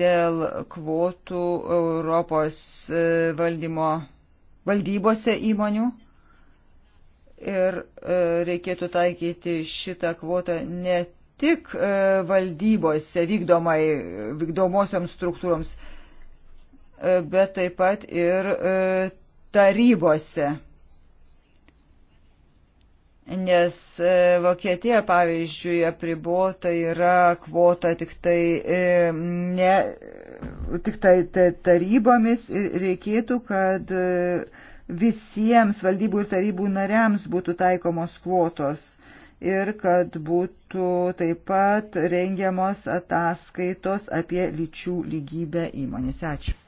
dėl kvotų Europos e, valdymo valdybose įmonių ir e, reikėtų taikyti šitą kvotą ne tik valdybose vykdomai, vykdomosioms struktūroms, bet taip pat ir tarybose. Nes e, Vokietija, pavyzdžiui, apribota yra kvota tik tai, e, ne, tik tai tarybomis ir reikėtų, kad e, visiems valdybų ir tarybų nariams būtų taikomos kvotos ir kad būtų taip pat rengiamos ataskaitos apie lyčių lygybę įmonėse. Ačiū.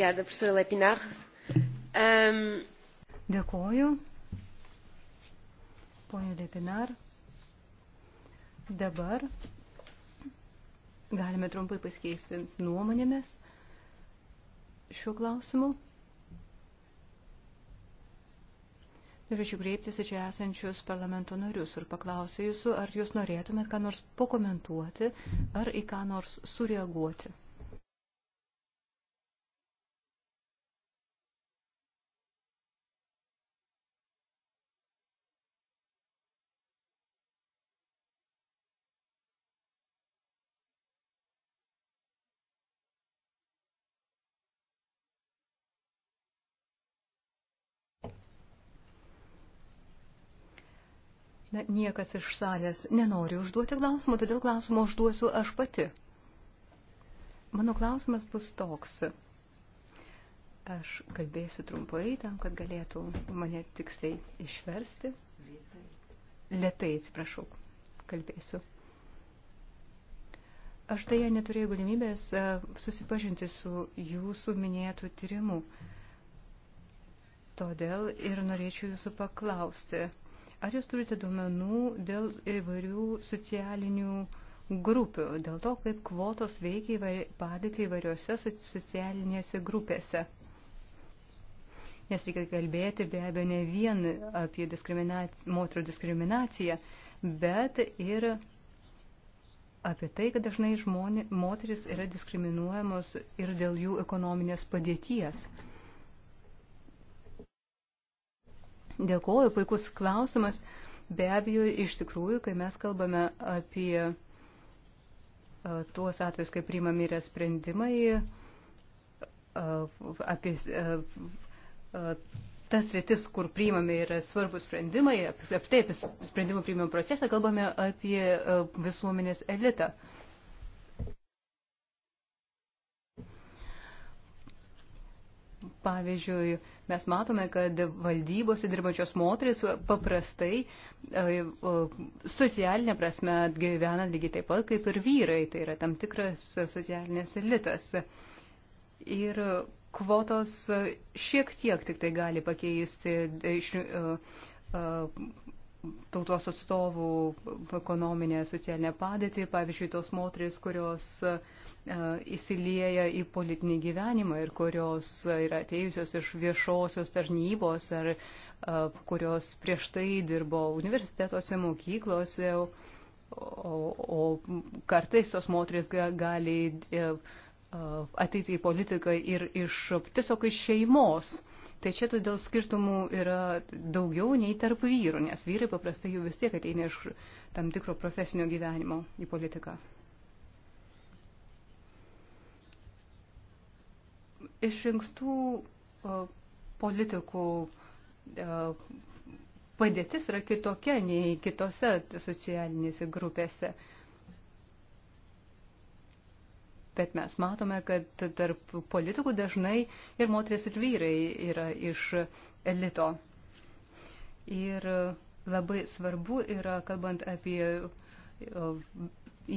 Obrigada, professora Lepinar. Um... Dėkoju, ponė Lepinar. Dabar galime trumpai pasikeisti nuomonėmis šiuo klausimu. Norėčiau kreiptis į čia esančius parlamento narius ir paklausė jūsų, ar jūs norėtumėt ką nors pakomentuoti ar į ką nors sureaguoti. Na, niekas iš salės nenori užduoti klausimų, todėl klausimą užduosiu aš pati. Mano klausimas bus toks. Aš kalbėsiu trumpai tam, kad galėtų mane tiksliai išversti. Lietai, atsiprašau, kalbėsiu. Aš tai neturėjau galimybės e, susipažinti su jūsų minėtų tyrimu. Todėl ir norėčiau jūsų paklausti Ar jūs turite duomenų dėl įvairių socialinių grupių, dėl to, kaip kvotos veikia padėti įvairiose socialinėse grupėse? Nes reikia kalbėti be abejo ne vien apie diskriminaci moterų diskriminaciją, bet ir apie tai, kad dažnai žmonė, moteris yra diskriminuojamos ir dėl jų ekonominės padėties. Dėkuoju, puikus klausimas. Be abejo, iš tikrųjų, kai mes kalbame apie tuos atvejus, kai priimami yra sprendimai, apie tas rytis, kur priimami yra svarbus sprendimai, apskritai apie sprendimų priimimo procesą, kalbame apie visuomenės elitą. Pavyzdžiui, mes matome, kad valdybose dirbančios moteris paprastai e, e, socialinė prasme gyvena lygiai taip pat kaip ir vyrai, tai yra tam tikras socialinės elitas. Ir kvotos šiek tiek tik tai gali pakeisti e, iš, tautos atstovų ekonominę socialinę padėtį, pavyzdžiui, tos moteris, kurios uh, E, įsilieja į politinį gyvenimą ir kurios yra atėjusios iš viešosios tarnybos ar e, kurios prieš tai dirbo universitetuose, mokyklose, o, o kartais tos moteris gali e, ateiti į politiką ir iš, tiesiog iš šeimos. Tai čia todėl skirtumų yra daugiau nei tarp vyrų, nes vyrai paprastai jau vis tiek ateina iš tam tikro profesinio gyvenimo į politiką. išrinkstų e, politikų e, padėtis yra kitokia nei kitose socialinėse grupėse. Bet mes matome, kad tarp politikų dažnai ir moteris, ir vyrai yra iš elito. Ir labai svarbu yra, kalbant apie e,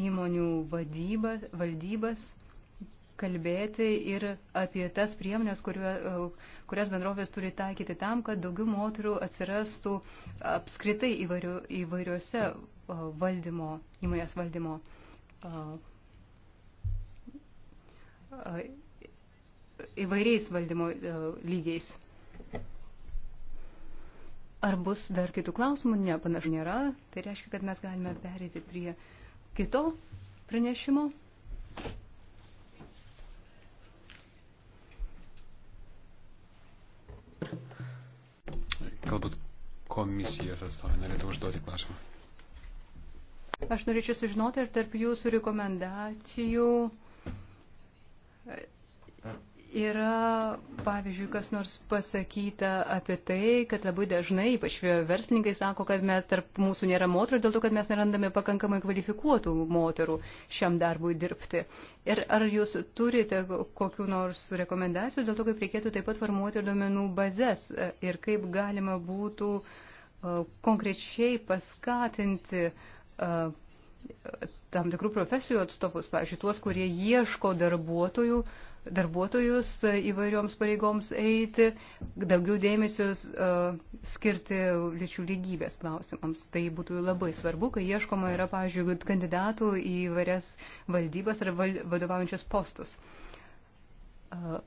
įmonių vadybą, valdybas, kalbėti ir apie tas priemonės, kurio, kurias bendrovės turi taikyti tam, kad daugiau moterų atsirastų apskritai įvairiu, įvairiuose valdymo, įmonės valdymo įvairiais valdymo lygiais. Ar bus dar kitų klausimų? Ne, panašu nėra. Tai reiškia, kad mes galime perėti prie kito pranešimo. komisijos atstovė norėtų užduoti klausimą. Aš norėčiau sužinoti, ar tarp jūsų rekomendacijų yra, pavyzdžiui, kas nors pasakyta apie tai, kad labai dažnai, ypač verslininkai sako, kad mes tarp mūsų nėra moterų dėl to, kad mes nerandame pakankamai kvalifikuotų moterų šiam darbui dirbti. Ir ar jūs turite kokiu nors rekomendacijų dėl to, kaip reikėtų taip pat formuoti ir duomenų bazės e, ir kaip galima būtų e, konkrečiai paskatinti e, tam tikrų profesijų atstovus, pavyzdžiui, tuos, kurie ieško darbuotojų, uh, darbuotojus įvairioms pareigoms eiti, daugiau dėmesio e, skirti lyčių lygybės klausimams. Tai būtų labai svarbu, kai ieškoma yra, pavyzdžiui, kandidatų į vairias valdybas ar val vadovaujančius postus. E,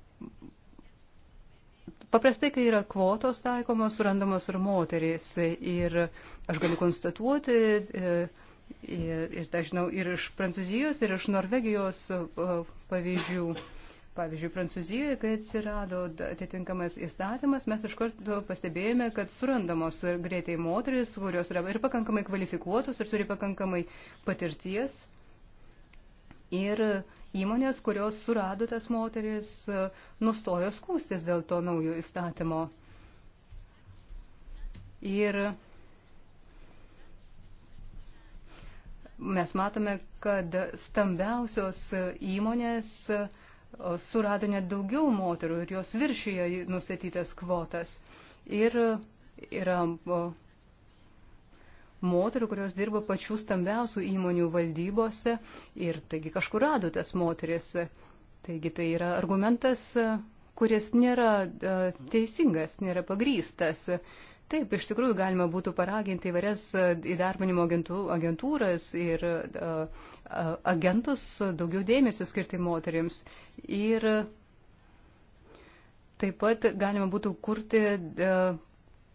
paprastai, kai yra kvotos taikomos, surandamos ir moterys. Ir aš galiu konstatuoti, e, ir, ir tai žinau, ir iš Prancūzijos, ir iš Norvegijos pavyzdžių Pavyzdžiui, Prancūzijoje, kai atsirado atitinkamas įstatymas, mes iš karto pastebėjome, kad surandamos greitai moteris, kurios yra ir pakankamai kvalifikuotos, ir turi pakankamai patirties. Ir įmonės, kurios surado tas moteris, nustojo skūstis dėl to naujo įstatymo. Ir mes matome, kad stambiausios įmonės uh, surado net daugiau moterų ir jos viršijo nustatytas kvotas. Ir yra moterų, kurios dirbo pačių stambiausių įmonių valdybose ir taigi kažkur rado tas moteris. Taigi tai yra argumentas, kuris nėra teisingas, nėra pagrystas. Taip, iš tikrųjų galima būtų paraginti įvairias e, įdarbinimo agentūras ir e, agentus daugiau dėmesio skirti moteriams. Ir taip pat galima būtų kurti e,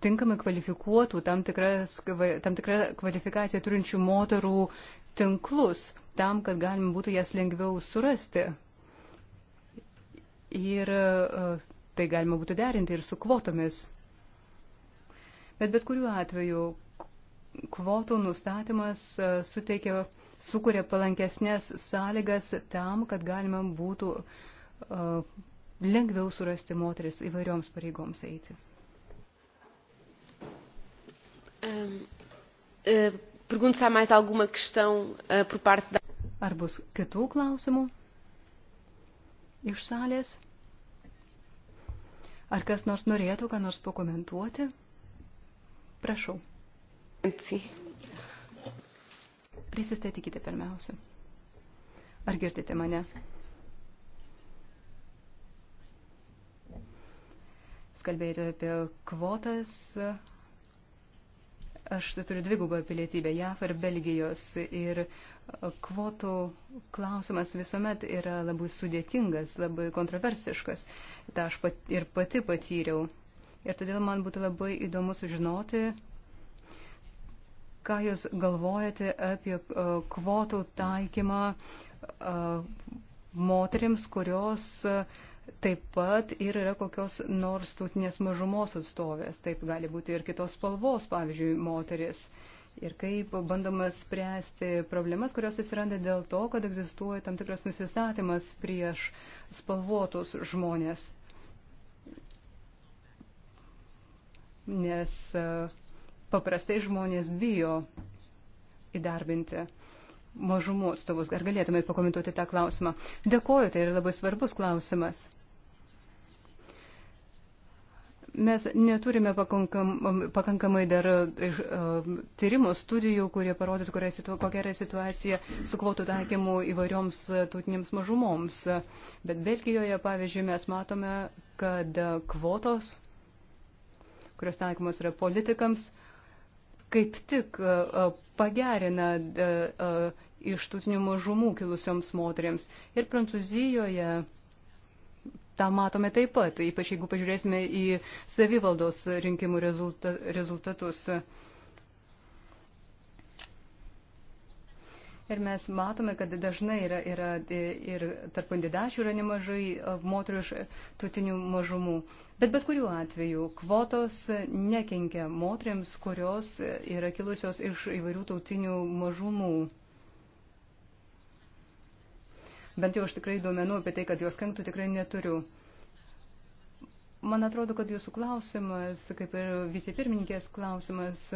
tinkamai kvalifikuotų, tam, tikras, tam tikrą kvalifikaciją turinčių moterų tinklus, tam, kad galima būtų jas lengviau surasti. Ir tai galima būtų derinti ir su kvotomis. Bet bet kuriuo atveju kvotų nustatymas e, suteikia, sukuria palankesnės sąlygas tam, kad galima būtų uh, lengviau surasti moteris įvairioms pareigoms eiti. Um, uh, e, Pergunto se há mais alguma questão uh, por parte da. Ar bus kitų klausimų iš salės? Ar kas nors norėtų ką nors pakomentuoti? Prašau. Prisistatykite pirmiausia. Ar girdite mane? Skalbėjote apie kvotas. Aš turiu dvigubą pilietybę JAF ir Belgijos. Ir kvotų klausimas visuomet yra labai sudėtingas, labai kontroversiškas. Ta aš pat, ir pati patyriau ir todėl man būtų labai įdomu sužinoti, ką Jūs galvojate apie e, kvotų taikymą e, moteriams, kurios e, taip pat ir yra kokios nors tautinės mažumos atstovės. Taip gali būti ir kitos spalvos, pavyzdžiui, moteris. Ir kaip bandoma spręsti problemas, kurios atsiranda dėl to, kad egzistuoja tam tikras nusistatymas prieš spalvotus žmonės. nes e, paprastai žmonės bijo įdarbinti mažumų atstovus. Ar galėtumėt pakomentuoti tą klausimą? Dėkoju, tai yra labai svarbus klausimas. Mes neturime pakankam, pakankamai dar iš, e, uh, e, tyrimų studijų, kurie parodytų, kokia yra situacija su kvotų taikymu įvairioms tautinėms mažumoms. Bet Belgijoje, pavyzdžiui, mes matome, kad kvotos uh, kurios taikomos yra politikams, kaip tik pagerina iš tautinių mažumų kilusioms moteriams. Ir Prancūzijoje tą matome taip pat, ypač jeigu pažiūrėsime į savivaldos rinkimų rezultatus. Ir mes matome, kad dažnai yra, yra e, ir tarp kandidačių yra nemažai e, moterų iš tautinių mažumų. Bet bet kuriuo atveju kvotos nekenkia moteriams, kurios e, yra kilusios iš įvairių tautinių mažumų bent jau aš tikrai duomenų apie tai, kad jos kenktų, tikrai neturiu. Man atrodo, kad jūsų klausimas, kaip ir vicepirmininkės klausimas,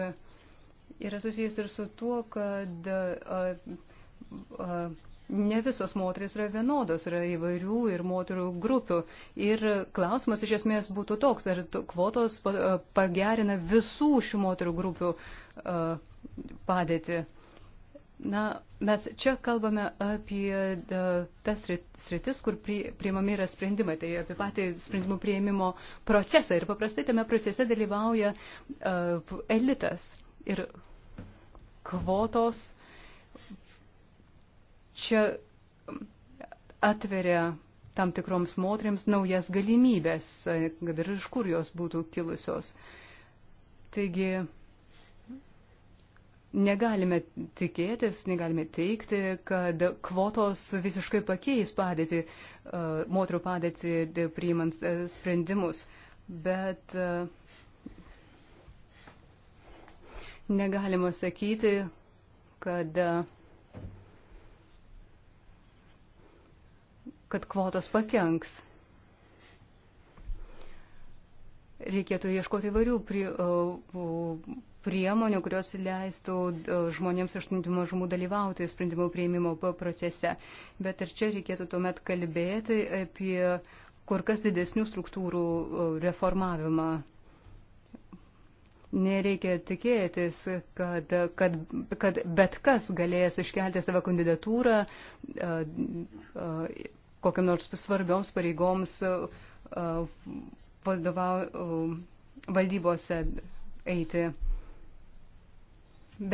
yra susijęs ir su tuo, kad a, a, ne visos moteris yra vienodos, yra įvairių ir moterų grupių. Ir klausimas iš esmės būtų toks, ar kvotos pagerina visų šių moterų grupių a, padėtį. Na, mes čia kalbame apie da, tas sritis, kur priimami yra sprendimai, tai apie patį sprendimų prieimimo procesą. Ir paprastai tame procese dalyvauja uh, elitas. Uh, ir kvotos čia atveria tam tikroms moteriams naujas galimybės, kad ir iš kur jos būtų kilusios. Taigi negalime tikėtis, negalime teikti, kad kvotos visiškai pakeis padėti, e, moterų padėti priimant e, sprendimus, bet uh, Negalima sakyti, kad, kad kvotos pakenks. Reikėtų ieškoti įvairių prie, priemonių, kurios leistų žmonėms iš mažumų dalyvauti sprendimų prieimimo procese. Bet ir čia reikėtų tuomet kalbėti apie kur kas didesnių struktūrų reformavimą. Nereikia tikėtis, kad, kad, kad bet kas galės iškelti savo kandidatūrą kokiam nors svarbioms pareigoms vadovau, valdybose eiti.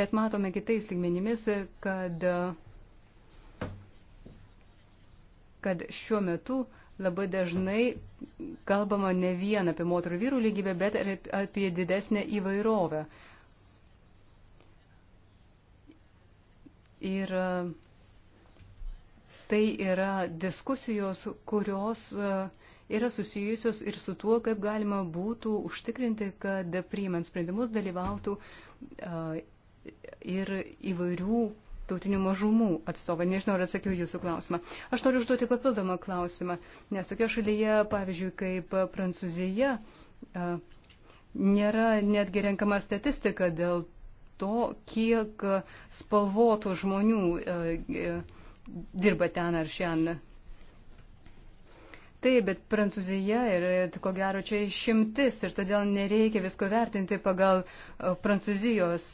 Bet matome kitais lygmenimis, kad, kad šiuo metu uh, labai dažnai kalbama ne vien apie moterų vyrų lygybę, bet ir apie didesnę įvairovę. Ir e, tai yra diskusijos, kurios e, yra susijusios ir su tuo, kaip galima būtų užtikrinti, kad priimant sprendimus dalyvautų e, ir įvairių tautinių mažumų atstovai. Nežinau, ar atsakiau jūsų klausimą. Aš noriu užduoti papildomą klausimą, nes tokia šalyje, pavyzdžiui, kaip Prancūzija, nėra netgi renkama statistika dėl to, kiek spalvotų žmonių dirba ten ar šiandien. Taip, bet Prancūzija ir ko gero čia išimtis ir todėl nereikia visko vertinti pagal Prancūzijos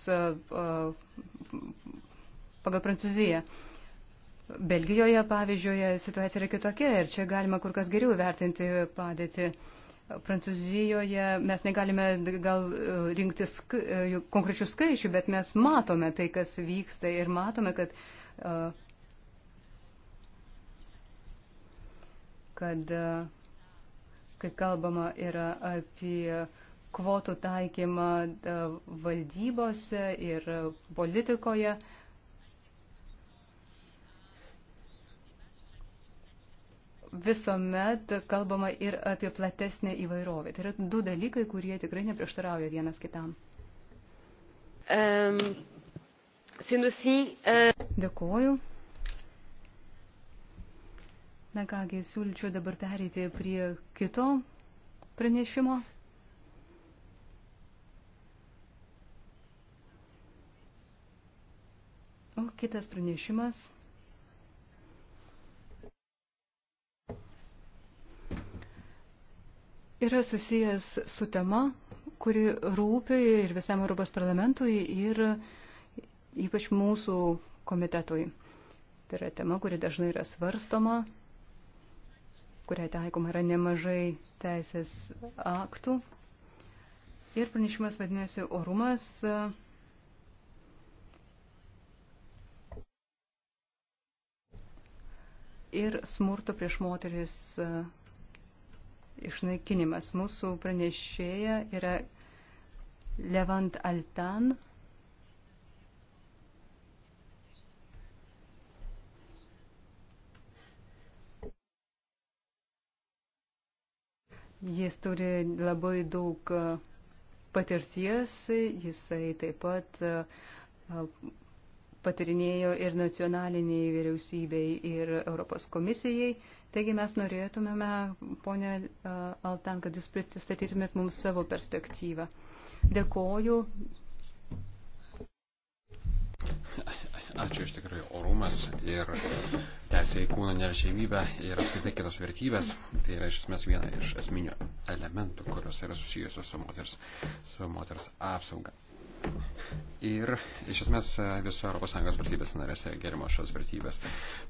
pagal Prancūziją. Belgijoje, pavyzdžiui, situacija yra kitokia ir čia galima kur kas geriau vertinti padėtį. Prancūzijoje mes negalime gal e, rinktis e, konkrečių skaičių, bet mes matome tai, kas vyksta ir matome, kad, e, kad kai kalbama yra apie kvotų taikymą valdybose ir politikoje, visuomet kalbama ir apie platesnę įvairovę. Tai yra du dalykai, kurie tikrai neprieštarauja vienas kitam. Um, ehm, sinusi, uh... Dėkuoju. Na kągi, siūlyčiau dabar pereiti prie kito pranešimo. O kitas pranešimas yra susijęs su tema, kuri rūpi ir visam Europos parlamentui ir ypač mūsų komitetui. Tai yra tema, kuri dažnai yra svarstoma, kuriai taikoma yra nemažai teisės aktų. Ir pranešimas vadinasi orumas. Ir smurto prieš moteris išnaikinimas. Mūsų pranešėja yra Levant Altan. Jis turi labai daug e, patirties, jisai taip pat e, e, patirinėjo ir nacionaliniai vyriausybei, ir Europos komisijai. Taigi mes norėtumėme, ponė e, Altan, kad jūs pristatytumėt mums savo perspektyvą. Dėkoju. Ačiū iš tikrųjų. Orumas ir teisė į kūną neliečiamybę ir apskritai kitos vertybės. Tai yra iš esmės viena iš esminių elementų, kurios yra susijusios su moters, su moters apsauga. Ir iš esmės viso ES valstybės narėse gerimo šios vertybės.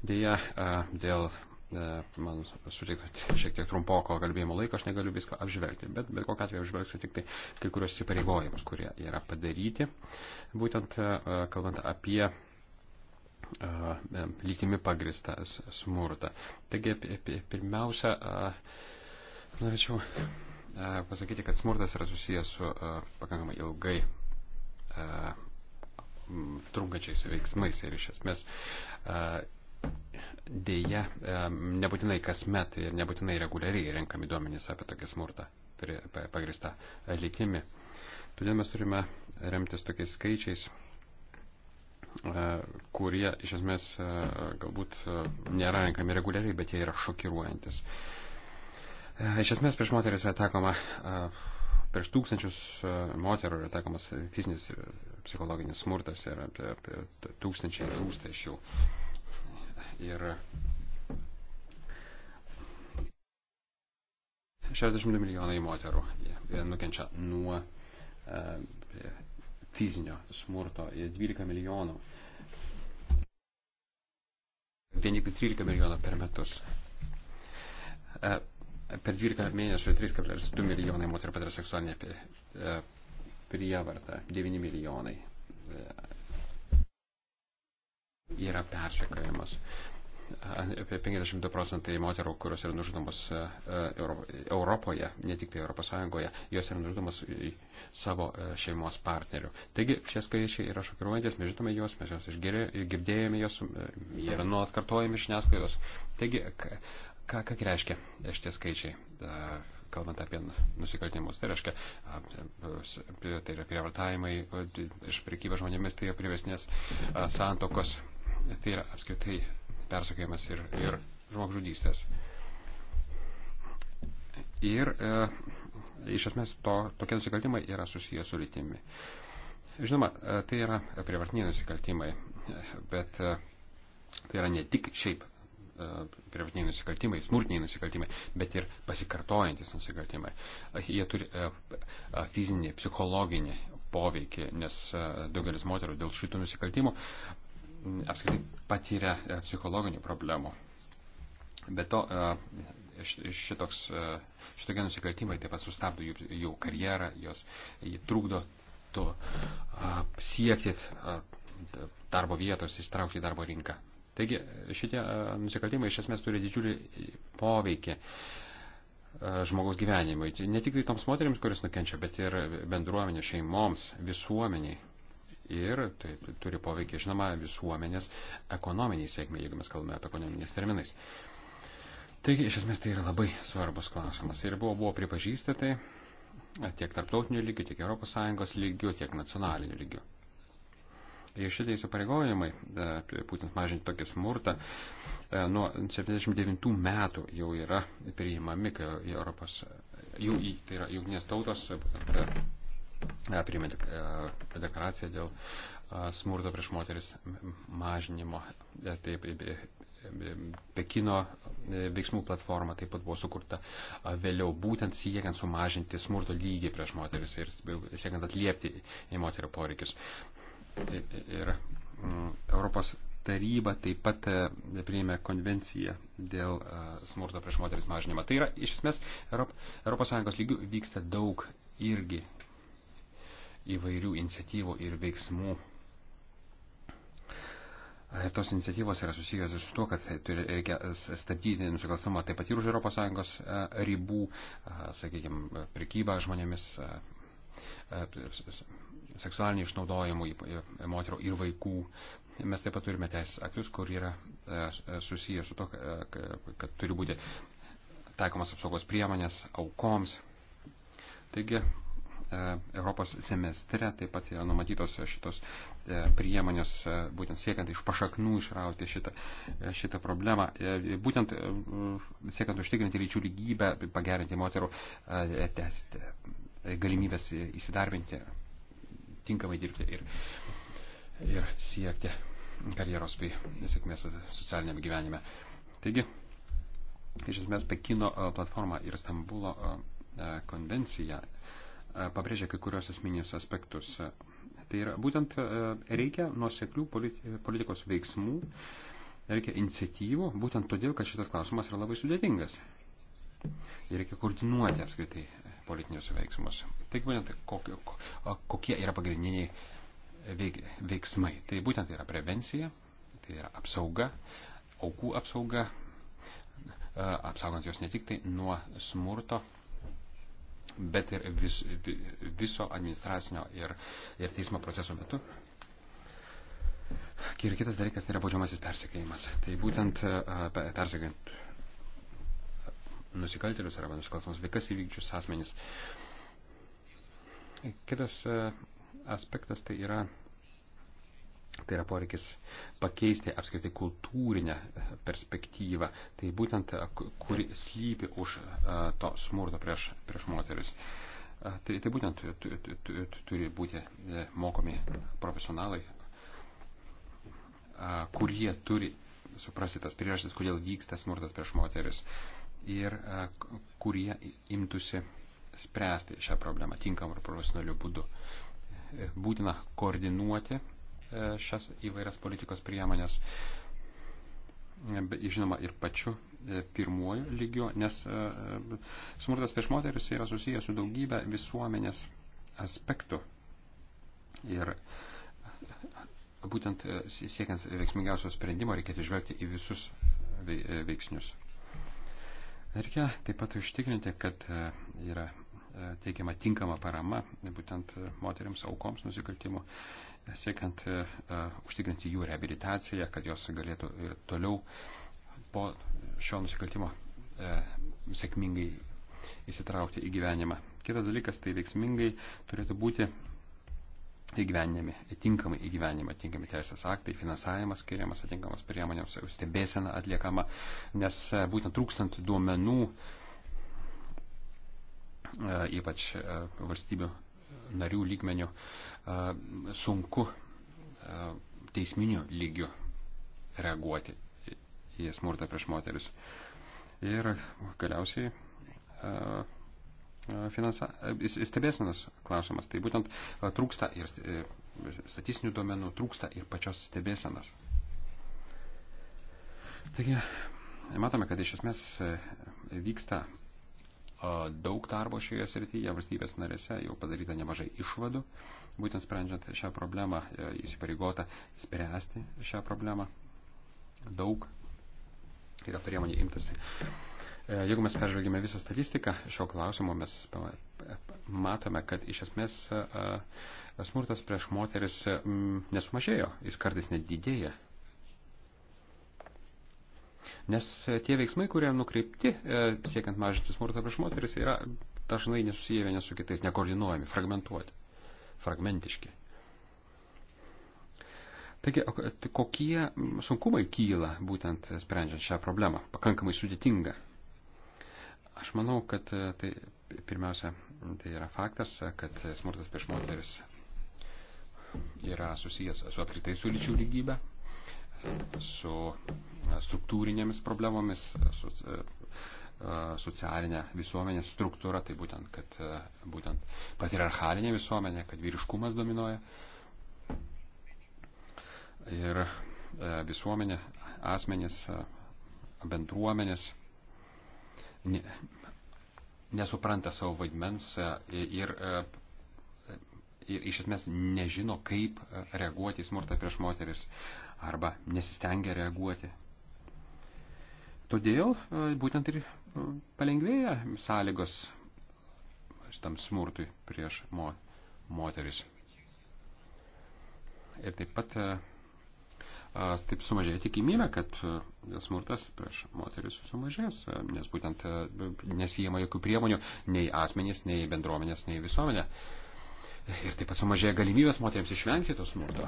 Deja, e, dėl E, man suteikta šiek tiek trumpoko kalbėjimo laiko, aš negaliu viską apžvelgti, bet bet kokiu atveju apžvelgsiu tik tai kai kurios įsipareigojimus, kurie yra padaryti, būtent e, kalbant apie e, lytimi pagristą smurtą. Taigi, pirmiausia, norėčiau pasakyti, kad smurtas yra susijęs su pakankamai ilgai trunkačiais veiksmais ir iš esmės Deja, nebūtinai kasmet ir nebūtinai reguliariai renkami duomenys apie tokį smurtą pagristą likimi. Todėl mes turime remtis tokiais skaičiais, e, kurie iš esmės e, galbūt e, nėra renkami reguliariai, bet jie yra šokiruojantis. Iš esmės prieš moteris atakoma, prieš tūkstančius moterų yra atakomas fizinis ir psichologinis smurtas ir apie, apie tūkstančiai žūsta iš jų. Ir 62 milijonai moterų nukenčia nuo e, fizinio smurto, 12 milijonų. Vien tik 13 milijonų per metus. E, per 12 mėnesių 3,2 milijonai moterų patiria seksualinę e, prievartą, 9 milijonai yra persekiojamas. Apie 52 procentai moterų, kurios yra nužudomas e, Europoje, ne tik tai Europos Sąjungoje, jos yra nužudomas savo e, šeimos partnerių. Taigi šie skaičiai yra šokiruojantis, mes žinome juos, mes juos girdėjome, juos e, yra nuolat kartojami žiniasklaidos. Taigi, ką, ką reiškia šitie skaičiai, kalbant apie nusikaltimus? Tai reiškia, tai yra prievartavimai, iš prekyba žmonėmis, tai yra privesnės santokos tai yra apskritai persakėjimas ir, ir žmogžudystės. Ir e, iš esmės to, tokie nusikaltimai yra susijęs su lytimi. Žinoma, e, tai yra prievartiniai nusikaltimai, bet e, tai yra ne tik šiaip e, prievartiniai nusikaltimai, smurtiniai nusikaltimai, bet ir pasikartojantis nusikaltimai. Jie turi e, fizinį, psichologinį poveikį, nes daugelis moterų dėl šitų nusikaltimų apskritai patiria e, psichologinių problemų. Be to, e, šitoks, e, šitokie nusikaltimai taip pat sustabdo jų, jų karjerą, jos jį trukdo to siekti darbo vietos, įstraukti į darbo rinką. Taigi šitie nusikaltimai iš esmės turi didžiulį poveikį žmogaus gyvenimui. Ne tik tai toms moteriams, kuris nukenčia, bet ir bendruomenė, šeimoms, visuomeniai ir tai turi poveikį, žinoma, visuomenės ekonominiai sėkmė, jeigu mes kalbame apie ekonominiais terminais. Taigi, iš esmės, tai yra labai svarbus klausimas. Ir buvo, buvo pripažįsta tai tiek tarptautiniu lygiu, tiek ES lygiu, tiek nacionaliniu lygiu. Ir šitie įsipareigojimai, e, būtent mažinti tokį smurtą, e, nuo 79 metų jau yra priimami, kai Europos, jau, tai yra jungtinės tautos būtent, e, priėmė deklaraciją dėl smurto prieš moteris mažinimo. E, taip, e, Pekino e, veiksmų platforma taip pat buvo sukurta vėliau, būtent siekiant sumažinti smurto lygį prieš moteris ir siekiant atliepti į moterio poreikius. Ir mm, Europos taryba taip pat priėmė konvenciją dėl smurto prieš moteris mažinimą. Tai yra, iš esmės, Europos Sąjungos lygių vyksta daug irgi įvairių iniciatyvų ir veiksmų. E, tos iniciatyvos yra susijęs su tuo, kad reikia stabdyti nusikalstamą taip pat ir už ES e, ribų, e, sakykime, prekybą žmonėmis, seksualinį išnaudojimų moterų ir vaikų. Mes taip pat turime teisės aktus, kur yra susijęs su to, kad turi būti taikomas apsaugos priemonės aukoms. Taigi, E, Europos semestre taip pat yra numatytos šitos e, priemonės, e, būtent siekiant iš pašaknų išrauti šitą, šitą problemą, būtent siekiant užtikrinti lyčių lygybę, pagerinti moterų galimybės įsidarbinti, tinkamai dirbti ir, ir siekti karjeros bei nesėkmės socialiniam gyvenime. Taigi, iš esmės Pekino platforma ir Stambulo konvencija E, pabrėžia kai kurios esminės aspektus. Tai yra būtent e, reikia nuoseklių politikos veiksmų, reikia iniciatyvų, būtent todėl, kad šitas klausimas yra labai sudėtingas. Ir reikia koordinuoti apskritai politinius veiksmus. Tai būtent kokie, kokie yra pagrindiniai veik, veiksmai. Tai būtent yra prevencija, tai yra apsauga, aukų apsauga, e, apsaugant jos ne tik tai nuo smurto bet ir vis, viso administracinio ir, ir teismo proceso metu. Ir kitas dalykas tai yra baudžiamasis persekėjimas. Tai būtent persekėjant nusikaltelius arba nusikalstamus veikas įvykdžius asmenys. Kitas aspektas tai yra Tai yra poreikis pakeisti apskritai kultūrinę perspektyvą. Tai būtent, kuri slypi už to smurto prieš, prieš moteris. Tai, tai būtent turi būti e, mokomi profesionalai, kurie turi suprasti tas priežastis, kodėl vyksta smurtas prieš moteris ir kurie imtųsi spręsti šią problemą tinkamą ir profesionaliu būdu. E, būtina koordinuoti E, šias įvairias politikos priemonės. E, žinoma, ir pačiu e, pirmuoju lygiu, nes smurtas prieš moteris yra susijęs su daugybė visuomenės aspektų. Ir būtent siekiant veiksmingiausio sprendimo reikėtų žvelgti į visus veiksnius. Reikia taip pat užtikrinti, kad yra teikiama tinkama parama būtent moteriams aukoms nusikaltimų siekiant e, e, užtikrinti jų rehabilitaciją, kad jos galėtų ir e, toliau po šio nusikaltimo sėkmingai įsitraukti į gyvenimą. Kitas dalykas, tai veiksmingai turėtų būti įgyvenimi, tinkamai įgyvenimą, tinkami teisės aktai, finansavimas skiriamas, atinkamas priemonėms, stebėsena atliekama, nes būtent trūkstant duomenų, ypač valstybių narių lygmenių, sunku teisminiu lygiu reaguoti į smurtą prieš moteris. Ir galiausiai finansa, stebėsinas klausimas. Tai būtent trūksta ir e, statistinių duomenų, trūksta ir pačios stebėsinas. Taigi, matome, kad iš esmės e, vyksta daug darbo šioje srityje, valstybės narėse jau padaryta nemažai išvadų, būtent sprendžiant šią problemą, e, įsipareigota spręsti šią problemą. Daug yra priemonė imtasi. E, jeigu mes peržvelgime visą statistiką šio klausimo, mes matome, kad iš esmės e, smurtas prieš moteris nesumažėjo, jis kartais net didėja Nes e, tie veiksmai, kurie nukreipti e, siekiant mažinti smurtą prieš moteris, yra dažnai nesusiję vieni su kitais, nekoordinuojami, fragmentuoti, fragmentiški. Taigi, kokie sunkumai kyla būtent sprendžiant šią problemą? Pakankamai sudėtinga. Aš manau, kad e, tai pirmiausia, tai yra faktas, kad smurtas prieš moteris yra susijęs su apskritai su lyčių lygybė, su e, struktūrinėmis problemomis, su e, e, socialinė visuomenės struktūra, tai būtent, kad būtent patriarchalinė visuomenė, kad vyriškumas dominuoja. Ir visuomenė, asmenės, bendruomenės nesupranta savo vaidmens ir, ir iš esmės nežino, kaip reaguoti į smurtą prieš moteris arba nesistengia reaguoti. Todėl e, būtent ir e, palengvėja sąlygos šitam smurtui prieš mo, moteris. Ir taip pat e, taip sumažėja tikimybė, kad smurtas prieš moteris sumažės, nes būtent nesijama jokių priemonių nei asmenys, nei bendruomenės, nei visuomenė. Ir taip pat sumažėja galimybės moteriams išvengti to smurto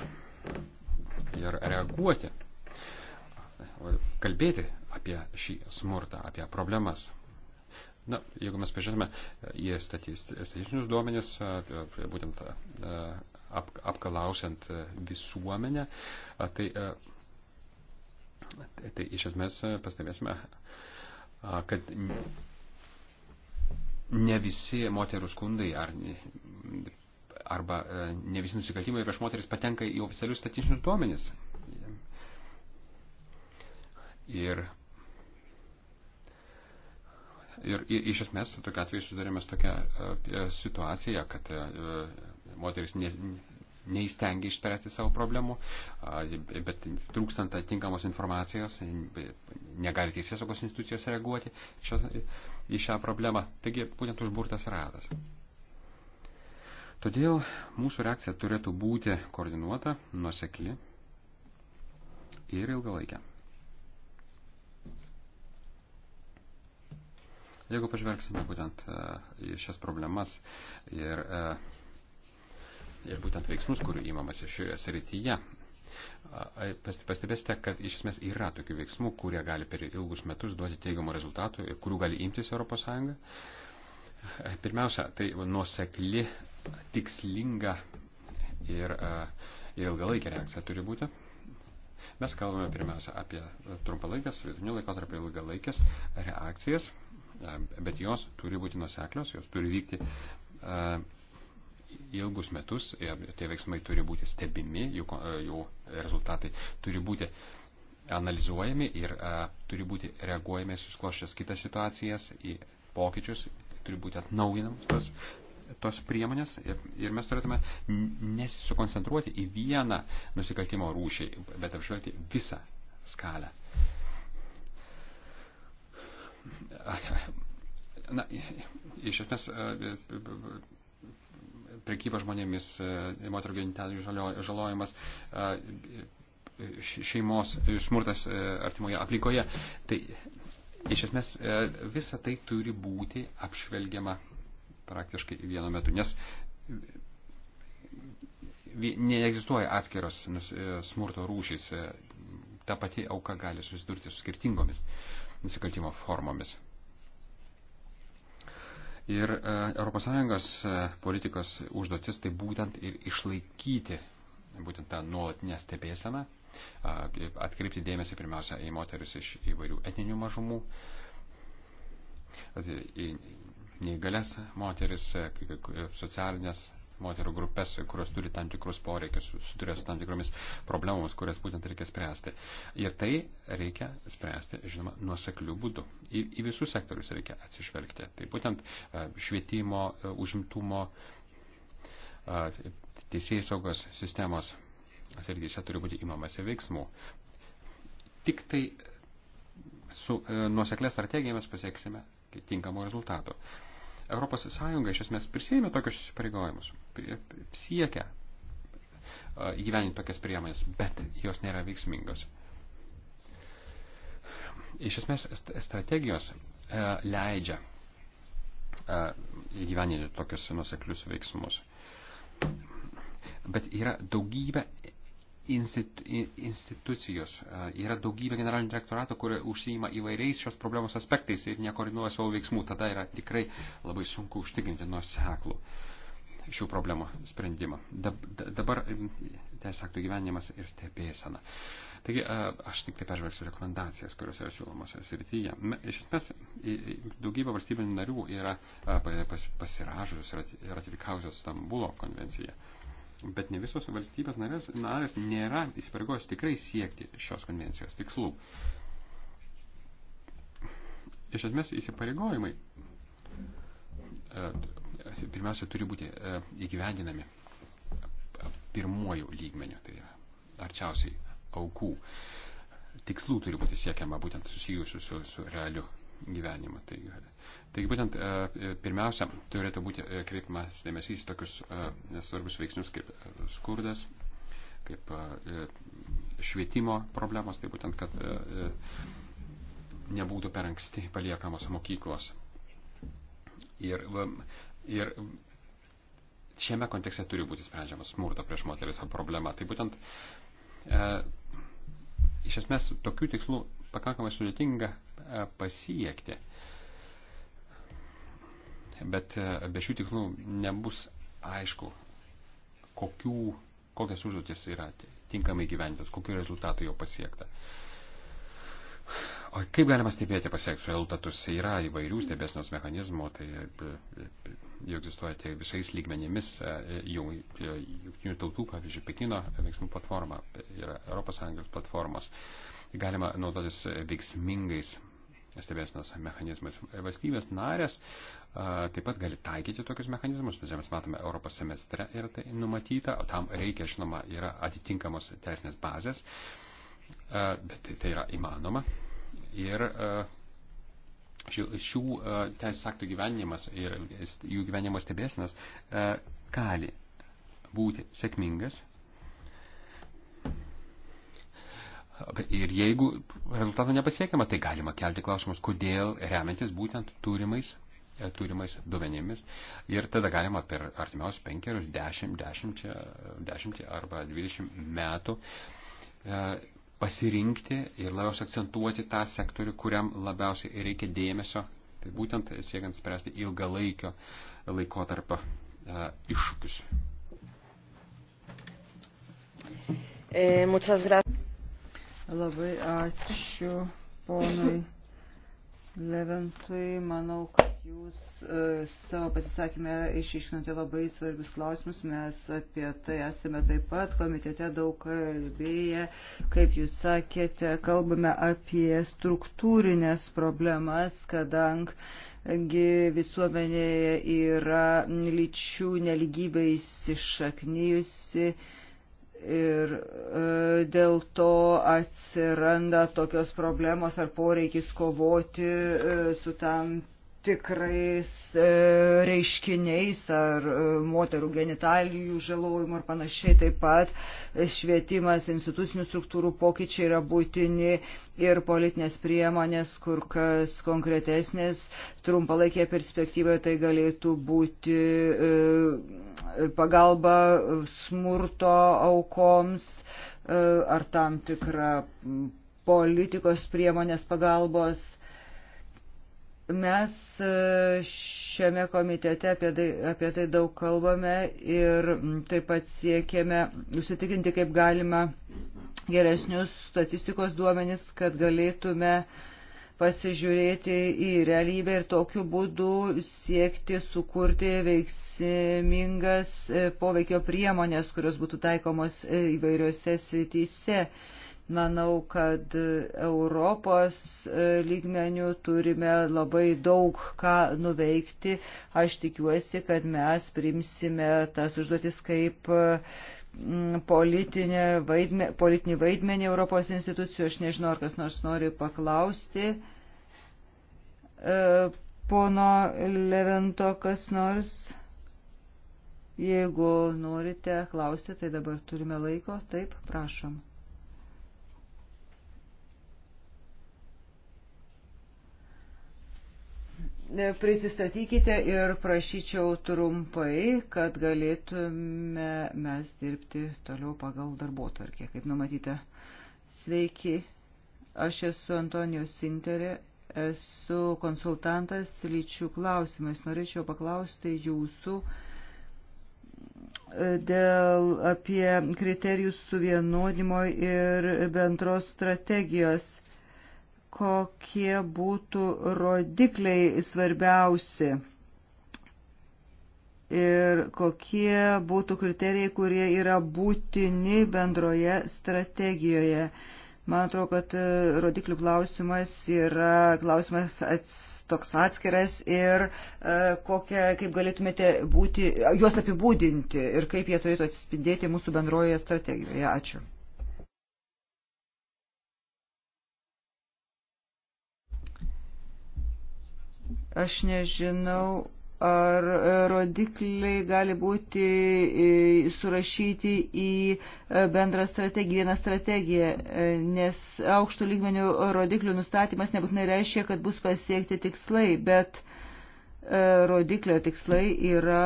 ir reaguoti, kalbėti apie šį smurtą, apie problemas. Na, jeigu mes pažiūrėtume į statistinius duomenis, būtent ap, apkalausiant visuomenę, tai, tai iš esmės pastebėsime, kad ne visi moterų skundai ar arba e, ne visi nusikaltimai prieš moteris patenka į oficialius statistinius duomenis. Ir, ir, ir iš esmės, tokia atveju susidarėmės tokią e, situaciją, kad e, moteris ne, neįstengia išspręsti savo problemų, bet trūkstant atitinkamos informacijos, negali teisėsaugos institucijos reaguoti šią, į šią problemą. Taigi būtent užburtas ratas. Todėl mūsų reakcija turėtų būti koordinuota, nusekli ir ilgalaikė. Jeigu pažvelgsime būtent e, į šias problemas ir, e, ir būtent veiksmus, kurių įmamasi šioje srityje, pastebėsite, kad iš esmės yra tokių veiksmų, kurie gali per ilgus metus duoti teigiamų rezultatų ir kurių gali imtis ES. Pirmiausia, tai nuosekli tikslinga ir, e, ir ilgalaikė reakcija turi būti. Mes kalbame pirmiausia apie trumpalaikės, vidutinio laikotarpio ilgalaikės reakcijas, e, bet jos turi būti nuseklios, jos turi vykti e, ilgus metus, tie veiksmai turi būti stebimi, jų, jų rezultatai turi būti analizuojami ir a, turi būti reaguojami susklošęs kitas situacijas į pokyčius, turi būti atnaujinamas tas tos priemonės ir, ir mes turėtume nesikoncentruoti į vieną nusikaltimo rūšį, bet apžvelgti visą skalę. Na, iš esmės, prekyba žmonėmis, moterų genitalijų žalojimas, šeimos smurtas artimoje aplinkoje, tai iš esmės visa tai turi būti apžvelgiama praktiškai vienu metu, nes neegzistuoja atskiros e, smurto rūšys. E, ta pati auka gali susidurti su skirtingomis nusikaltimo formomis. Ir ES e, politikos užduotis tai būtent ir išlaikyti būtent tą nuolatinę stebėseną, atkreipti dėmesį pirmiausia į moteris iš įvairių etninių mažumų, į neįgalias moteris, socialinės moterų grupės, kurios turi tam tikrus poreikius, susiduria su tam tikromis problemomis, kurias būtent reikia spręsti. Ir tai reikia spręsti, žinoma, nuoseklių būdų. Į, į visus sektorius reikia atsižvelgti. Tai būtent e, švietimo, e, užimtumo, e, teisėjai saugos sistemos srityse turi būti imamasi veiksmų. Tik tai su nuoseklė strategija mes pasieksime tinkamų rezultatų. ES iš esmės prisėmė tokius įsipareigojimus, siekia e, įgyveninti tokias priemonės, bet jos nėra veiksmingos. Iš esmės strategijos e, leidžia e, įgyveninti tokius nuseklius veiksmus. Bet yra daugybė institucijos. E, yra daugybė generalinių direktoratų, kurie užsijima įvairiais šios problemos aspektais ir nekoordinuoja savo veiksmų. Tada yra tikrai labai sunku užtikrinti nuoseklų šių problemų sprendimą. Dabar teisės aktų gyvenimas ir stebėsena. Taigi, e, aš tik tai peržvelgsiu rekomendacijas, kurios yra siūlomos srityje. Iš esmės, daugybė valstybinių narių yra e, pasiražusios ir ratifikavusios Stambulo konvenciją. Bet ne visos valstybės narės, narės nėra įsipareigojus tikrai siekti šios konvencijos tikslų. Iš esmės įsipareigojimai e, pirmiausia turi būti e, įgyvendinami pirmuoju lygmeniu, tai yra arčiausiai aukų. Tikslų turi būti siekiama būtent susijusiu su, su realiu gyvenimą. Taigi, taigi būtent e, pirmiausia turėtų būti e, kreipimas dėmesys tokius e, svarbius veiksnius kaip skurdas, kaip švietimo problemos, tai būtent, kad nebūtų per anksti paliekamos mokyklos. Ir, ir šiame kontekste turi būti sprendžiamas smurto prieš moteris problema. Tai būtent e, iš esmės tokių tikslų pakankamai sudėtinga pasiekti. Bet e, be šių tikslų nebus aišku, kokių, kokias užduotis yra tinkamai gyventos, kokiu rezultatu jau pasiekta. O kaip galima stebėti pasiektus rezultatus? Yra įvairių stebėsnos mechanizmų, tai e, e, jų egzistuoja tiek visais lygmenimis, jau jungtinių tautų, pavyzdžiui, Pekino veiksmų platforma ir ES platformos. Galima naudotis veiksmingais stebėsinos mechanizmais. Valstybės narės a, taip pat gali taikyti tokius mechanizmus, bet mes matome Europos semestre yra tai numatyta, tam reikia, žinoma, yra atitinkamos teisinės bazės, a, bet tai, tai yra įmanoma. Ir a, šių, šių teisės aktų gyvenimas ir jų gyvenimo stebėsinas gali būti sėkmingas Ir jeigu rezultato nepasiekiama, tai galima kelti klausimus, kodėl remiantis būtent turimais, e, turimais duomenimis. Ir tada galima per artimiausius penkerius, dešimt, dešimt, dešimt arba dvidešimt metų e, pasirinkti ir labiausiai akcentuoti tą sektorių, kuriam labiausiai reikia dėmesio, tai būtent siekiant spręsti ilgalaikio laikotarpio e, iššūkius. E, Labai ačiū ponui Leventui. Manau, kad jūs e, savo pasisakymę išiškinote labai svarbius klausimus. Mes apie tai esame taip pat komitete daug kalbėję. Kaip jūs sakėte, kalbame apie struktūrinės problemas, kadangi visuomenėje yra lyčių neligybė įsišaknyjusi. E, Ir e, dėl to atsiranda tokios problemos ar poreikis kovoti e, su tam tikrais e, reiškiniais ar e, moterų genitalijų žalojimu ar panašiai. Taip pat švietimas, institucinių struktūrų pokyčiai yra būtini ir politinės priemonės, kur kas konkretesnės, trumpalaikėje perspektyvoje tai galėtų būti e, pagalba smurto aukoms ar tam tikra politikos priemonės pagalbos Mes e, šiame komitete apie tai, apie tai daug kalbame ir taip pat siekėme užsitikinti, kaip galima geresnius statistikos duomenis, kad galėtume pasižiūrėti į realybę ir tokiu būdu siekti sukurti veiksmingas e, poveikio priemonės, kurios būtų taikomos e, įvairiose srityse. Manau, kad Europos e, lygmenių turime labai daug ką nuveikti. Aš tikiuosi, kad mes primsime tas užduotis kaip e, vaidme, politinį vaidmenį Europos institucijų. Aš nežinau, ar kas nors nori paklausti. E, pono Levento kas nors. Jeigu norite klausyti, tai dabar turime laiko. Taip, prašom. prisistatykite ir prašyčiau trumpai, kad galėtume mes dirbti toliau pagal darbo tvarkę, kaip numatyta. Sveiki, aš esu Antonijos Sinterė, esu konsultantas lyčių klausimais. Norėčiau paklausti jūsų e, dėl apie kriterijus suvienodimo ir bendros strategijos kokie būtų rodikliai svarbiausi ir kokie būtų kriterijai, kurie yra būtini bendroje strategijoje. Man atrodo, kad e, rodiklių klausimas yra klausimas ats, toks atskiras ir e, kokia, kaip galėtumėte būti, juos apibūdinti ir kaip jie turėtų atsispindėti mūsų bendroje strategijoje. Ačiū. Aš nežinau, ar rodikliai gali būti e, surašyti į e, bendrą strategiją, vieną strategiją, e, nes aukštų lygmenių rodiklių nustatymas nebūtinai reiškia, kad bus pasiekti tikslai, bet rodiklio tikslai yra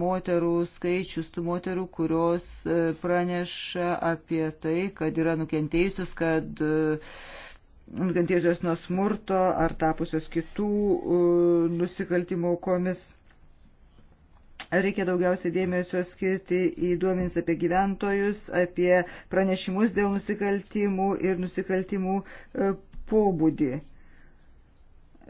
moterų skaičius, tų moterų, kurios praneša apie tai, kad yra nukentėjusius, kad uh, nukentėjusios nuo smurto ar tapusios kitų nusikaltimų aukomis. Reikia daugiausiai dėmesio skirti į duomenys apie gyventojus, apie pranešimus dėl nusikaltimų ir nusikaltimų e, pobūdį.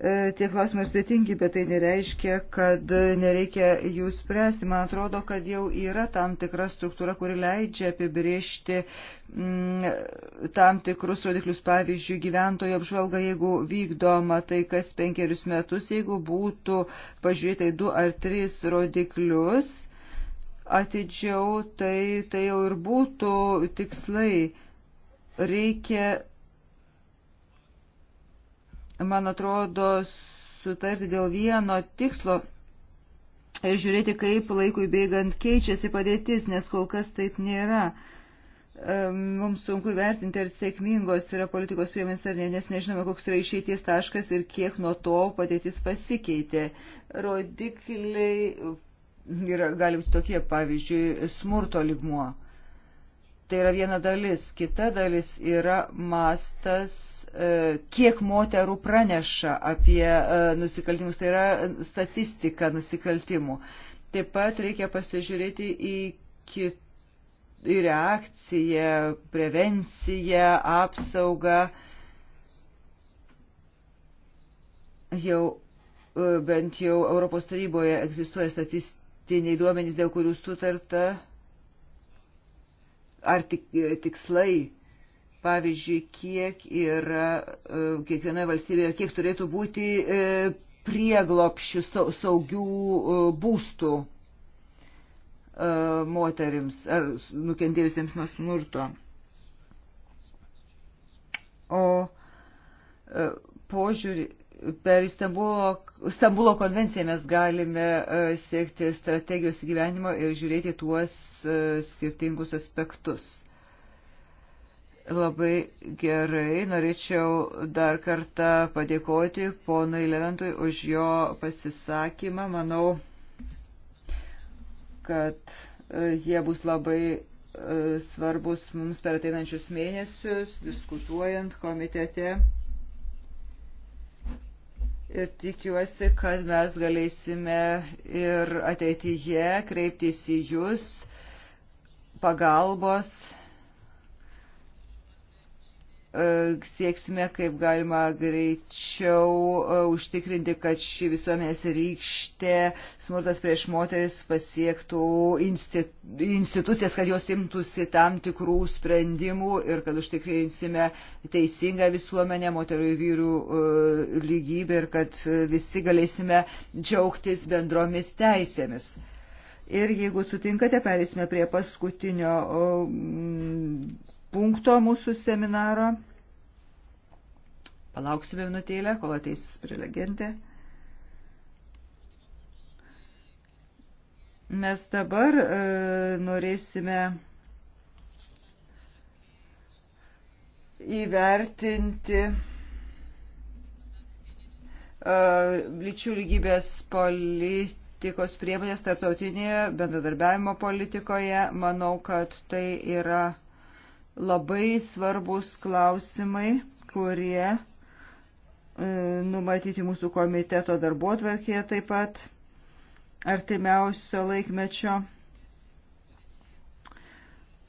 E, tie klausimai sudėtingi, bet tai nereiškia, kad nereikia jų spręsti. Man atrodo, kad jau yra tam tikra struktūra, kuri leidžia apibriežti mm, tam tikrus rodiklius. Pavyzdžiui, gyventojų apžvalga, jeigu vykdoma tai kas penkerius metus, jeigu būtų pažiūrėtai du ar tris rodiklius atidžiau, tai, tai jau ir būtų tikslai. Reikia man atrodo, sutarti dėl vieno tikslo ir žiūrėti, kaip laikui bėgant keičiasi padėtis, nes kol kas taip nėra. Mums sunku vertinti, ar sėkmingos yra politikos priemonės ar ne, nes nežinome, koks yra išeities taškas ir kiek nuo to padėtis pasikeitė. Rodikliai yra, gali būti tokie, pavyzdžiui, smurto ligmuo Tai yra viena dalis. Kita dalis yra mastas, e, kiek moterų praneša apie e, nusikaltimus. Tai yra statistika nusikaltimų. Taip pat reikia pasižiūrėti į kitą reakciją, prevenciją, apsaugą. Jau e, bent jau Europos taryboje egzistuoja statistiniai duomenys, dėl kurių sutarta ar tik, e, tikslai, pavyzdžiui, kiek yra e, kiekvienoje valstybėje, kiek turėtų būti e, prieglopšių saugių būstų moterims ar nukentėjusiems nuo smurto. O požiūrį per Stambulo, Stambulo konvenciją mes galime e, siekti strategijos gyvenimo ir žiūrėti tuos e, skirtingus aspektus. Labai gerai, norėčiau dar kartą padėkoti ponui Leventui už jo pasisakymą. Manau, kad e, jie bus labai svarbus mums per ateinančius mėnesius, diskutuojant komitete ir tikiuosi, kad mes galėsime ir ateityje kreiptis į Jūs pagalbos E, sieksime kaip galima greičiau e, užtikrinti, kad ši visuomenės rykštė smurtas prieš moteris pasiektų institucijas, kad jos imtųsi tam tikrų sprendimų ir kad užtikrinsime teisingą visuomenę, moterų ir vyrų e, lygybę ir kad visi galėsime džiaugtis bendromis teisėmis. Ir jeigu sutinkate, perėsime prie paskutinio punkto mūsų seminaro. Palauksime minutėlę, kol ateis prelegentė. Mes dabar e, norėsime įvertinti e, lyčių lygybės politikos priemonės tarptautinėje bendradarbiavimo politikoje. Manau, kad tai yra labai svarbus klausimai, kurie e, numatyti mūsų komiteto darbo atverkėje taip pat artimiausio laikmečio.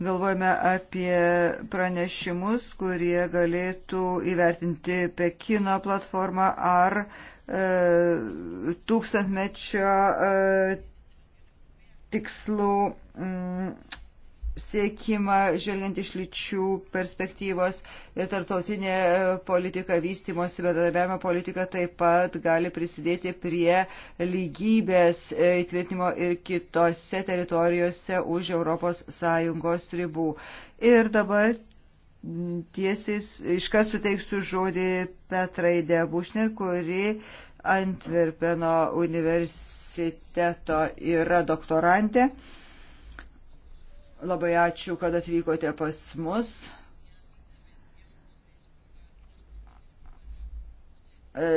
Galvojame apie pranešimus, kurie galėtų įvertinti Pekino platformą ar e, tūkstantmečio e, tikslų. Mm, siekimą, žvelgiant iš lyčių perspektyvos, tarptautinė e, politika, vystimosi, bedarbiavimo politika taip pat gali prisidėti prie lygybės e, įtvirtinimo ir kitose teritorijose už ES ribų. Ir dabar tiesiai iškart suteiksiu žodį Petrai Debušner, kuri Antverpeno universiteto yra doktorantė. Labai ačiū, kad atvykote pas mus. E,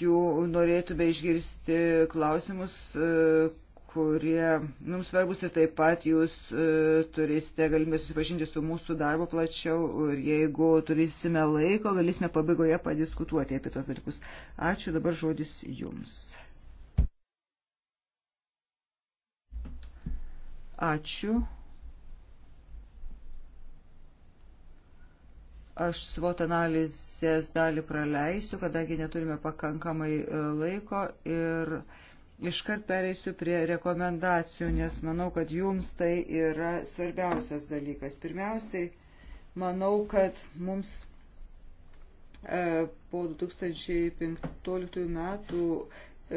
jų norėtume išgirsti klausimus, e, kurie mums svarbus ir taip pat jūs e, turėsite galimybę susipažinti su mūsų darbu plačiau ir jeigu turėsime laiko, galėsime pabaigoje padiskutuoti apie tos dalykus. Ačiū, dabar žodis jums. Ačiū. Aš svot analizės dalį praleisiu, kadangi neturime pakankamai e, laiko ir iškart pereisiu prie rekomendacijų, nes manau, kad jums tai yra svarbiausias dalykas. Pirmiausiai, manau, kad mums e, po 2015 metų E,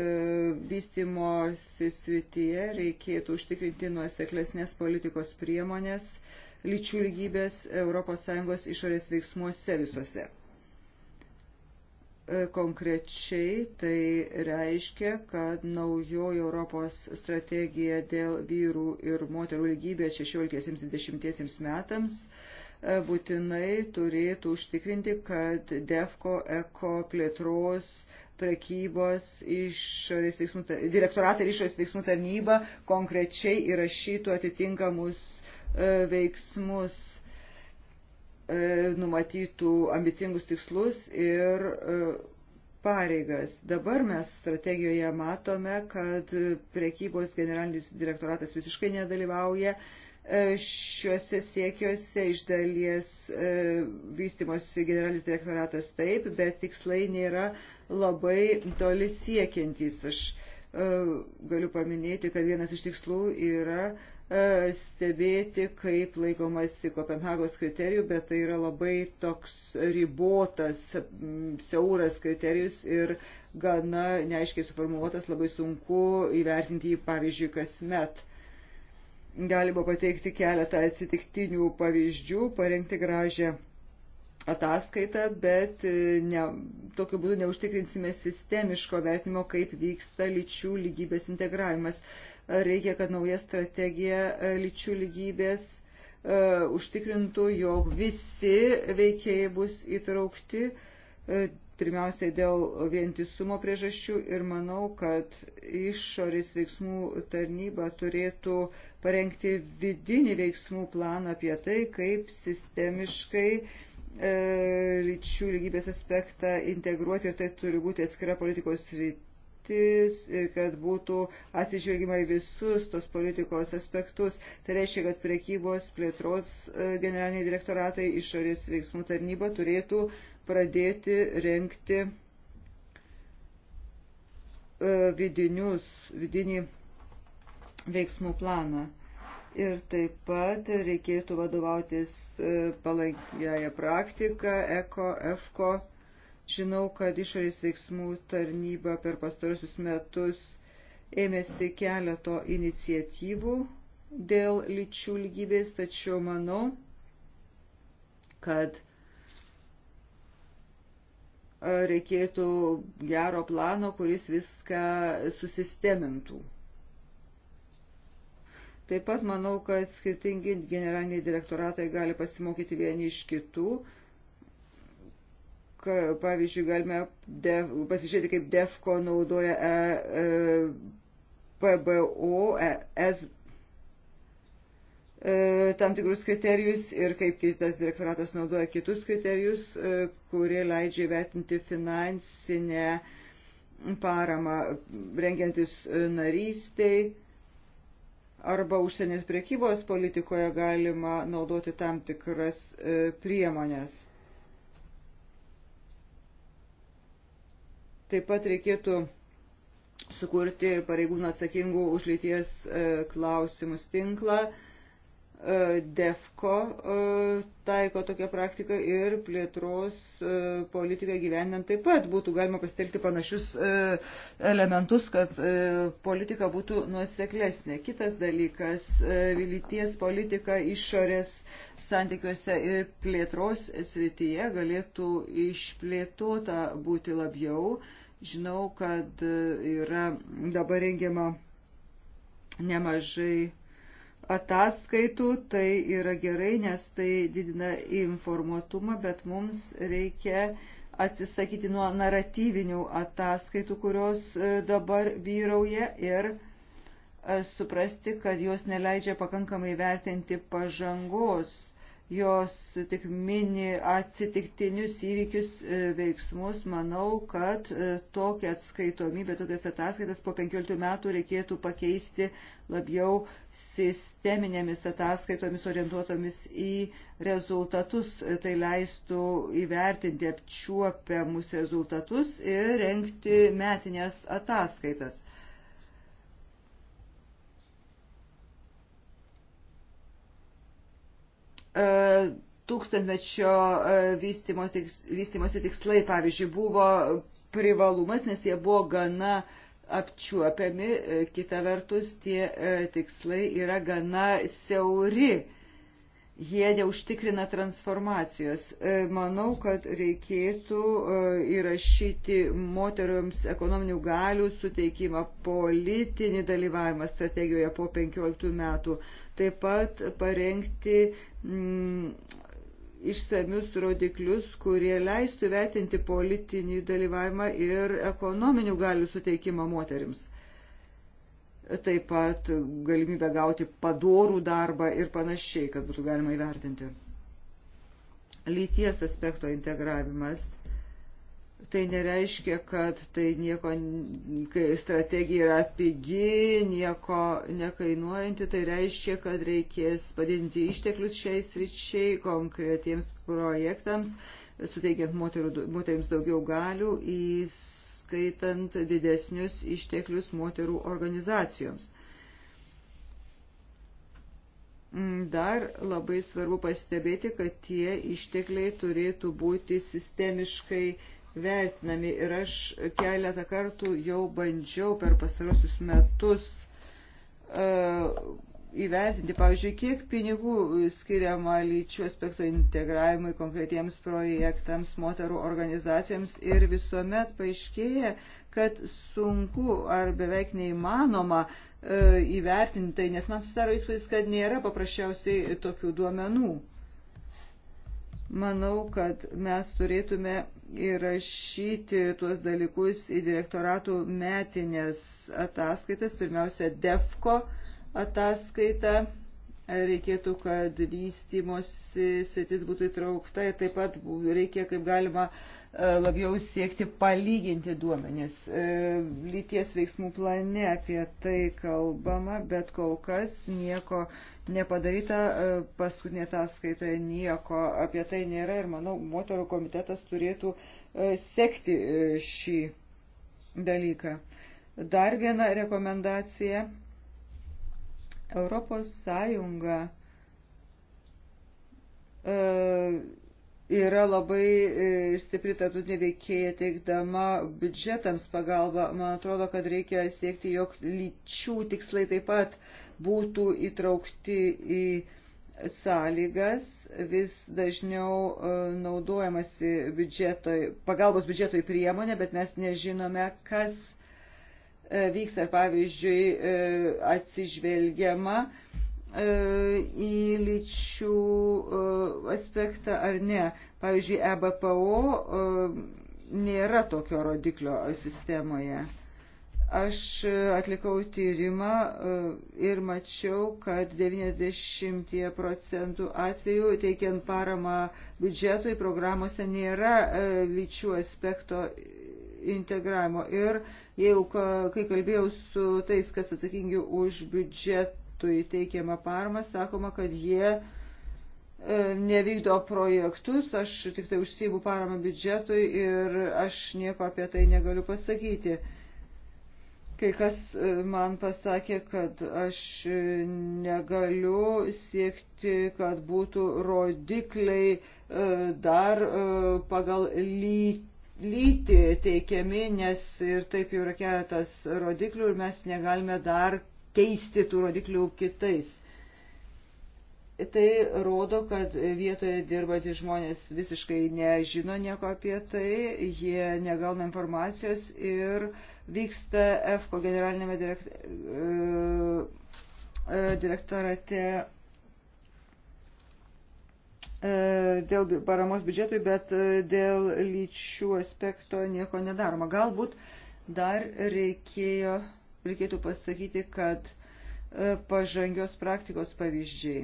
vystimosi srityje reikėtų užtikrinti nuoseklesnės politikos priemonės lyčių lygybės ES išorės veiksmuose visuose. E, konkrečiai tai reiškia, kad naujoji Europos strategija dėl vyrų ir moterų lygybės 16-20 metams e, būtinai turėtų užtikrinti, kad DEFCO eko plėtros prekybos išorės veiksmų, direktoratą ir išorės veiksmų tarnybą konkrečiai įrašytų atitinkamus e, veiksmus e, numatytų ambicingus tikslus ir e, pareigas. Dabar mes strategijoje matome, kad prekybos generalinis direktoratas visiškai nedalyvauja E, šiuose siekiuose iš dalies e, vystimosi generalinis direktoratas taip, bet tikslai nėra labai toli siekiantys. Aš e, galiu paminėti, kad vienas iš tikslų yra stebėti, kaip laikomasi Kopenhagos kriterijų, bet tai yra labai toks ribotas, siauras kriterijus ir gana neaiškiai suformuotas, labai sunku įvertinti jį, pavyzdžiui, kasmet. Galima pateikti keletą atsitiktinių pavyzdžių, parengti gražią ataskaitą, bet e, ne, tokiu būdu neužtikrinsime sistemiško vertimo, kaip vyksta lyčių lygybės integravimas. Reikia, kad nauja strategija e, lyčių lygybės e, užtikrintų, jog visi veikėjai bus įtraukti pirmiausiai dėl vientisumo priežasčių ir manau, kad išorės veiksmų tarnyba turėtų parengti vidinį veiksmų planą apie tai, kaip sistemiškai e, lyčių lygybės aspektą integruoti ir tai turi būti atskira politikos rytis ir kad būtų atsižvelgima į visus tos politikos aspektus. Tai reiškia, kad priekybos plėtros e, generaliniai direktoratai išorės veiksmų tarnyba turėtų e, pradėti renkti e, vidinius, vidinį veiksmų planą. Ir taip pat reikėtų vadovautis e, palankiaja praktika, eko, efko. Žinau, kad išorės veiksmų tarnyba per pastarusius metus ėmėsi keleto iniciatyvų dėl lyčių lygybės, tačiau manau, kad reikėtų gero plano, kuris viską susistemintų. Taip pat manau, kad skirtingi generaliniai direktoratai gali pasimokyti vieni iš kitų. Ka, pavyzdžiui, galime def, pasižiūrėti, kaip DEFCO naudoja e, e, PBO, e, S, E, tam tikrus kriterijus ir kaip kitas direktoratas naudoja kitus kriterijus, e, kurie leidžia įvertinti finansinę paramą rengiantis e, narystiai arba užsienės priekybos politikoje galima naudoti tam tikras priemonės. Taip pat reikėtų sukurti pareigūnų atsakingų už lyties klausimus tinklą E, DEFCO e, taiko tokią praktiką ir plėtros e, politiką gyvenant taip pat būtų galima pasitelkti panašius elementus, kad politika būtų nuoseklesnė. Kitas dalykas - lyties politika išorės santykiuose ir plėtros srityje galėtų išplėtota būti labiau. Žinau, kad yra dabar rengiama nemažai ataskaitų, tai yra gerai, nes tai didina informuotumą, bet mums reikia atsisakyti nuo naratyvinių ataskaitų, kurios e, dabar vyrauja ir e, suprasti, kad jos neleidžia pakankamai vertinti pažangos jos tik mini atsitiktinius įvykius e, veiksmus, manau, kad e, tokią atskaitomybę, tokias ataskaitas po 15 metų reikėtų pakeisti labiau sisteminėmis ataskaitomis orientuotomis į rezultatus. E, tai leistų įvertinti apčiuopiamus rezultatus ir renkti metinės ataskaitas. E, tūkstantmečio e, vystimosi tikslai, pavyzdžiui, buvo privalumas, nes jie buvo gana apčiuopiami, e, kita vertus tie tikslai yra gana siauri, jie neužtikrina transformacijos. Manau, kad reikėtų įrašyti moteriams ekonominių galių suteikimą, politinį dalyvavimą strategijoje po 15 metų taip pat parengti mm, išsamius rodiklius, kurie leistų vertinti politinį dalyvavimą ir ekonominių galių suteikimą moterims. Taip pat galimybę gauti padorų darbą ir panašiai, kad būtų galima įvertinti. Lyties aspekto integravimas tai nereiškia, kad tai nieko, kai strategija yra pigi, nieko nekainuojanti, tai reiškia, kad reikės padidinti išteklius šiais ryčiai konkretiems projektams, suteikiant moterų, moterims daugiau galių, įskaitant didesnius išteklius moterų organizacijoms. Dar labai svarbu pastebėti, kad tie ištekliai turėtų būti sistemiškai vertinami ir aš keletą kartų jau bandžiau per pastarosius metus uh, įvertinti, pavyzdžiui, kiek pinigų skiriama lyčių aspekto integravimui konkretiems projektams, moterų organizacijoms ir visuomet paaiškėja, kad sunku ar beveik neįmanoma e, įvertinti tai, nes man susidaro įspūdis, kad nėra paprasčiausiai tokių duomenų. Manau, kad mes turėtume įrašyti tuos dalykus į direktoratų metinės ataskaitas, pirmiausia, DEFCO ataskaita. Reikėtų, kad vystimosi sritis būtų įtraukta ir taip pat reikia kaip galima e, labiau siekti palyginti duomenis. E, lyties veiksmų plane apie tai kalbama, bet kol kas nieko nepadaryta, e, paskutinė ataskaita nieko apie tai nėra ir manau, moterų komitetas turėtų e, sekti e, šį dalyką. Dar viena rekomendacija. Europos Sąjunga yra labai stipri tarptautinė veikėja teikdama biudžetams pagalbą. Man atrodo, kad reikia siekti, jog lyčių tikslai taip pat būtų įtraukti į sąlygas vis dažniau e, naudojamasi biudžeto, pagalbos biudžetoj priemonė, bet mes nežinome, kas e, vyks ar pavyzdžiui e, atsižvelgiama į lyčių aspektą ar ne. Pavyzdžiui, EBPO nėra tokio rodiklio sistemoje. Aš e, atlikau tyrimą e, ir mačiau, kad 90 procentų atvejų teikiant paramą biudžetui programuose nėra e, lyčių aspekto integravimo. Ir jau kai kalbėjau su tais, kas atsakingi už biudžetui teikiamą paramą, sakoma, kad jie nevykdo projektus, aš tik tai užsijimu paramą biudžetui ir aš nieko apie tai negaliu pasakyti. Kai kas e, man pasakė, kad aš e, negaliu siekti, kad būtų rodikliai e, dar pagal lytį teikiami, nes ir taip jau yra keletas rodiklių ir mes negalime dar keisti tų rodiklių kitais tai rodo, kad vietoje dirbantys žmonės visiškai nežino nieko apie tai, jie negauna informacijos ir vyksta EFKO generalinėme direkt, e, e, direktorate e, dėl paramos biudžetui, bet dėl lyčių aspekto nieko nedaroma. Galbūt dar reikėjo, reikėtų pasakyti, kad pažangios praktikos pavyzdžiai.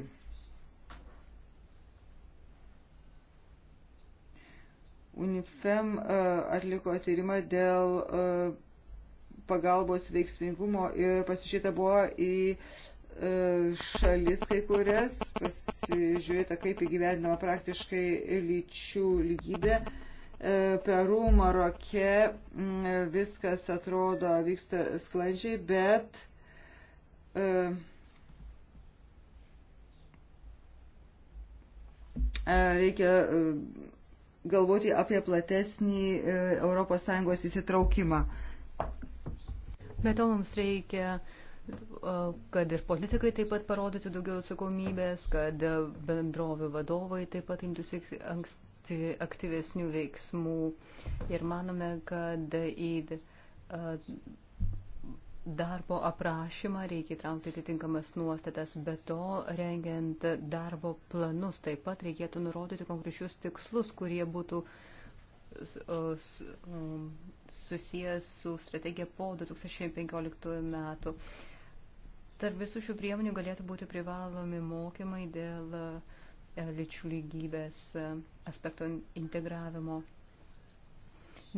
UNIFEM atliko tyrimą dėl pagalbos veiksmingumo ir pasižiūrėta buvo į e, šalis kai kurias, pasižiūrėta kaip įgyvendinama praktiškai lyčių lygybė. E, Peru, Maroke viskas atrodo vyksta sklandžiai, bet e, reikia galvoti apie platesnį ES įsitraukimą. Bet to mums reikia kad ir politikai taip pat parodytų daugiau atsakomybės, kad bendrovių vadovai taip pat imtųsi aktyvesnių veiksmų. Ir manome, kad į darbo aprašymą reikia įtraukti atitinkamas nuostatas, bet to rengiant darbo planus taip pat reikėtų nurodyti konkrečius tikslus, kurie būtų uh, susijęs su strategija po 2015 metų. Tarp visų šių priemonių galėtų būti privalomi mokymai dėl e, lyčių lygybės e, aspekto integravimo.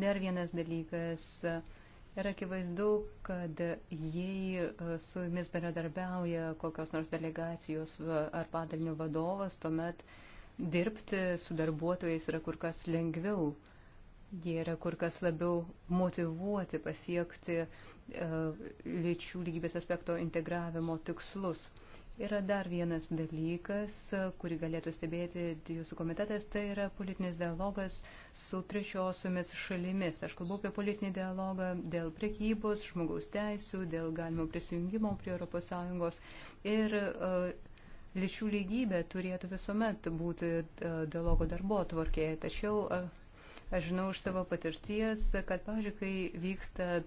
Dar vienas dalykas. Yra e, akivaizdu, kad jei su jumis bendradarbiauja kokios nors delegacijos ar padalinio vadovas, tuomet dirbti su darbuotojais yra kur kas lengviau. Jie yra kur kas labiau motivuoti pasiekti e, lyčių lygybės aspekto integravimo tikslus. Yra dar vienas dalykas, kurį galėtų stebėti jūsų komitetas, tai yra politinis dialogas su trečiosiomis šalimis. Aš kalbu apie politinį dialogą dėl prekybos, žmogaus teisų, dėl galimo prisijungimo prie ES. Ir uh, lyčių lygybė turėtų visuomet būti uh, dialogo darbo tvarkėje. Tačiau uh, Aš žinau iš savo patirties, kad, pavyzdžiui, kai vyksta e,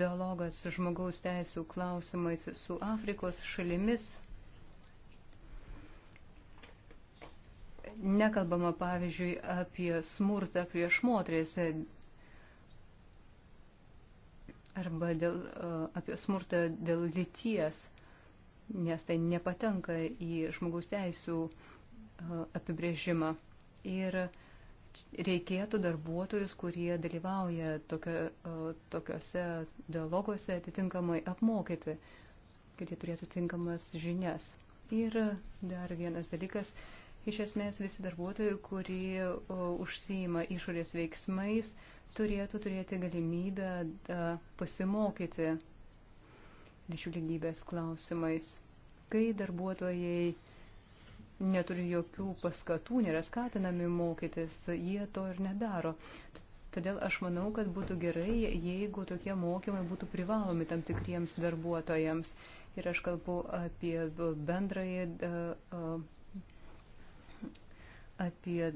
dialogas žmogaus teisų klausimais su Afrikos šalimis, nekalbama, pavyzdžiui, apie smurtą prieš moteris arba dėl, e, apie smurtą dėl lyties, nes tai nepatenka į žmogaus teisų e, apibrėžimą. Ir uh, reikėtų darbuotojus, kurie dalyvauja tokio, tokiuose dialoguose atitinkamai apmokyti, kad jie turėtų tinkamas žinias. Ir dar vienas dalykas, iš esmės visi darbuotojai, kurie užsijima išorės veiksmais, turėtų turėti galimybę da, pasimokyti lyčių lygybės klausimais. Kai darbuotojai neturi jokių paskatų, nėra skatinami mokytis, jie to ir nedaro. Todėl aš manau, kad būtų gerai, jeigu tokie mokymai būtų privalomi tam tikriems darbuotojams. Ir aš kalbu apie bendrąją, apie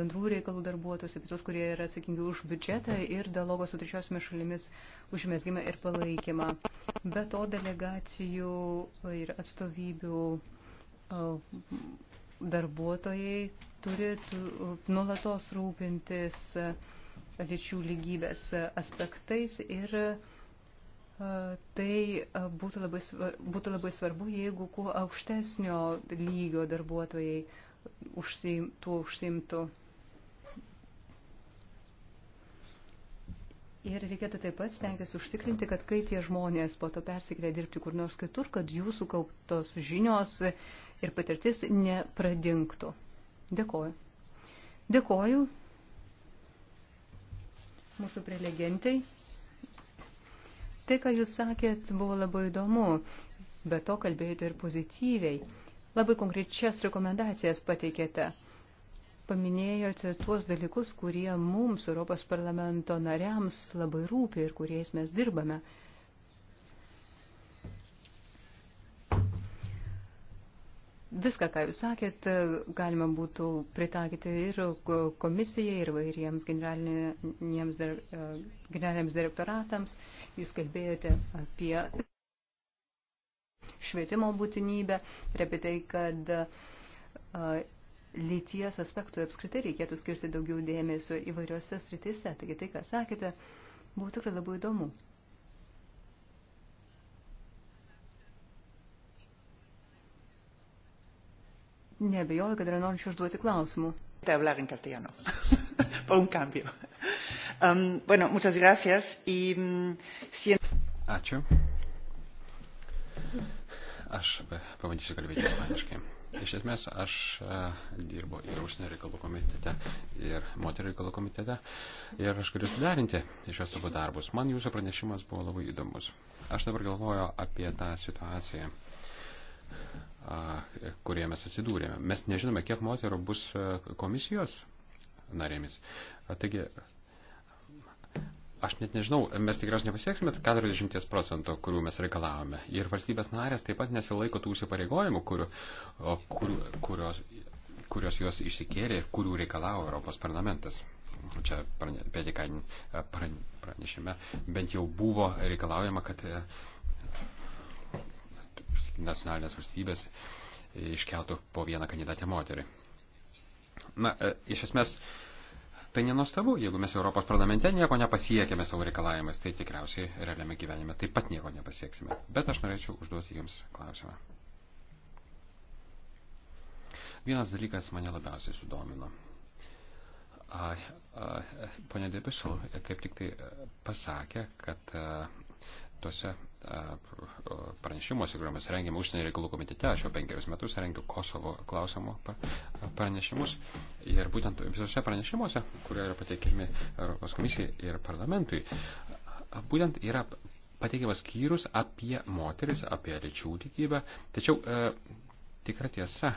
bendrų reikalų darbuotojus, apie tos, kurie yra atsakingi už biudžetą ir dialogo su trečiosiomis šalimis užmėsgimą ir palaikymą. Be to delegacijų ir atstovybių darbuotojai turi nuolatos rūpintis lyčių lygybės aspektais ir tai būtų labai, būtų labai svarbu, jeigu kuo aukštesnio lygio darbuotojai užsiim, tuo užsimtų. Ir reikėtų taip pat stengtis užtikrinti, kad kai tie žmonės po to persikėlė dirbti kur nors kitur, kad jų sukauptos žinios ir patirtis nepradinktų. Dėkoju. Dėkoju mūsų prelegentai. Tai, ką jūs sakėt, buvo labai įdomu, bet to kalbėjote ir pozityviai. Labai konkrečias rekomendacijas pateikėte. Paminėjote tuos dalykus, kurie mums, Europos parlamento nariams, labai rūpi ir kuriais mes dirbame. Viską, ką jūs sakėt, galima būtų pritaikyti ir komisijai, ir vairiems generaliniams, e, generaliniams direktoratams. Jūs kalbėjote apie švietimo būtinybę ir apie tai, kad e, lyties aspektui apskritai reikėtų skirti daugiau dėmesio įvairiose sritise. Taigi tai, ką sakėte, buvo tikrai labai įdomu. Nebejoju, kad yra norinčių užduoti klausimų. Te hablar en castellano, por un cambio. Um, bueno, muchas gracias. Y, mm, si... Ačiū. Aš pabandysiu kalbėti ispaniškai. Iš esmės, aš e, dirbu ir užsienio reikalų komitete, ir moterų reikalų komitete, ir aš galiu suderinti šios abu darbus. Man jūsų pranešimas buvo labai įdomus. Aš dabar galvoju apie tą situaciją kurie mes atsidūrėme. Mes nežinome, kiek moterų bus komisijos narėmis. Taigi, aš net nežinau, mes tikriausiai nepasieksime 40 procentų, kurių mes reikalavome. Ir valstybės narės taip pat nesilaiko tų įsipareigojimų, kurių, kurių, kurios, kurios jos išsikėlė ir kurių reikalavo Europos parlamentas čia Pedikanin pranešime, bent jau buvo reikalaujama, kad nacionalinės valstybės iškeltų po vieną kandidatę moterį. Na, e, iš esmės, tai nenustabu, jeigu mes Europos parlamente nieko nepasiekėme savo reikalavimais, tai tikriausiai realiame gyvenime taip pat nieko nepasieksime. Bet aš norėčiau užduoti Jums klausimą. Vienas dalykas mane labiausiai sudomino. A, a, ponia Debišal kaip tik tai e, pasakė, kad a, e, tose pranešimuose, kuriuo mes rengiame užsienio reikalų komitete, aš jau penkerius metus rengiu Kosovo klausimo pranešimus. Ir būtent visose pranešimuose, kurie yra pateikiami Europos komisijai ir parlamentui, būtent yra pateikiamas skyrius apie moteris, apie lyčių lygybę. Tačiau e, tikra tiesa,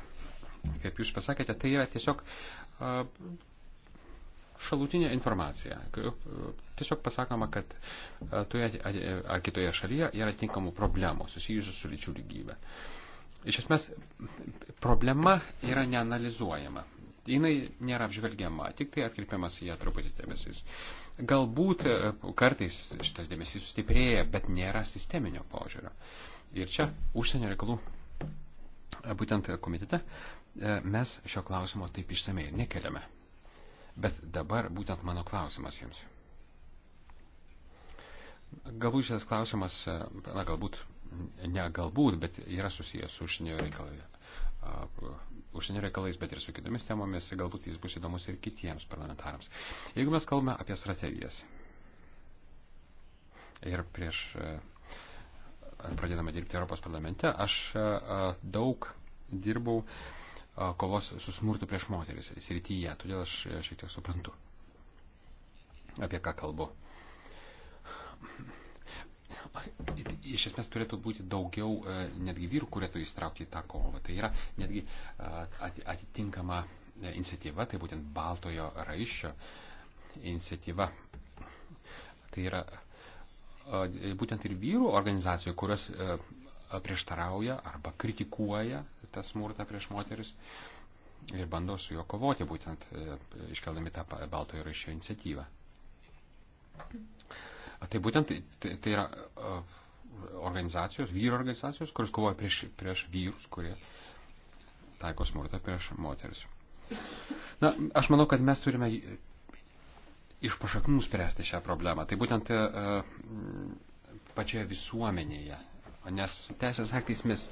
kaip jūs pasakėte, tai yra tiesiog e, šalutinė informacija. E, tiesiog pasakoma, kad e, toje ar kitoje šalyje yra tinkamų problemų susijusių su lyčių lygybė. Iš esmės, problema yra neanalizuojama. Jis nėra apžvelgiama, tik tai atkreipiamas į ją truputį dėmesys. Galbūt e, kartais šitas dėmesys sustiprėja, bet nėra sisteminio požiūrio. Ir čia užsienio reikalų būtent komitete mes šio klausimo taip išsamei nekeliame. Bet dabar būtent mano klausimas jums. Galbūt šitas klausimas, na galbūt, ne galbūt, bet yra susijęs su užsienio reikalai. Užsienio reikalais, bet ir su kitomis temomis, galbūt jis bus įdomus ir kitiems parlamentarams. Jeigu mes kalbame apie strategijas ir prieš pradėdama dirbti Europos parlamente, aš daug dirbau uh, kovos su smurtu prieš moteris srityje. Todėl aš e, šiek tiek suprantu, apie ką kalbu. Iš esmės turėtų būti daugiau e, netgi vyrų, kurie turėtų įstraukti į tą kovą. Tai yra netgi e, atitinkama iniciatyva, tai būtent Baltojo raiščio iniciatyva. Tai yra būtent ir vyrų organizacijų, kurios prieštarauja arba kritikuoja tą smurtą prieš moteris ir bando su juo kovoti, būtent e, iškeldami tą baltojo raščio iniciatyvą. Tai būtent tai, tai, tai yra e, organizacijos, vyro organizacijos, kuris kovoja prieš, prieš vyrus, kurie taiko smurtą prieš moteris. Na, aš manau, kad mes turime iš pašaknų spręsti šią problemą. Tai būtent e, pačioje visuomenėje Nes teisės aktais mes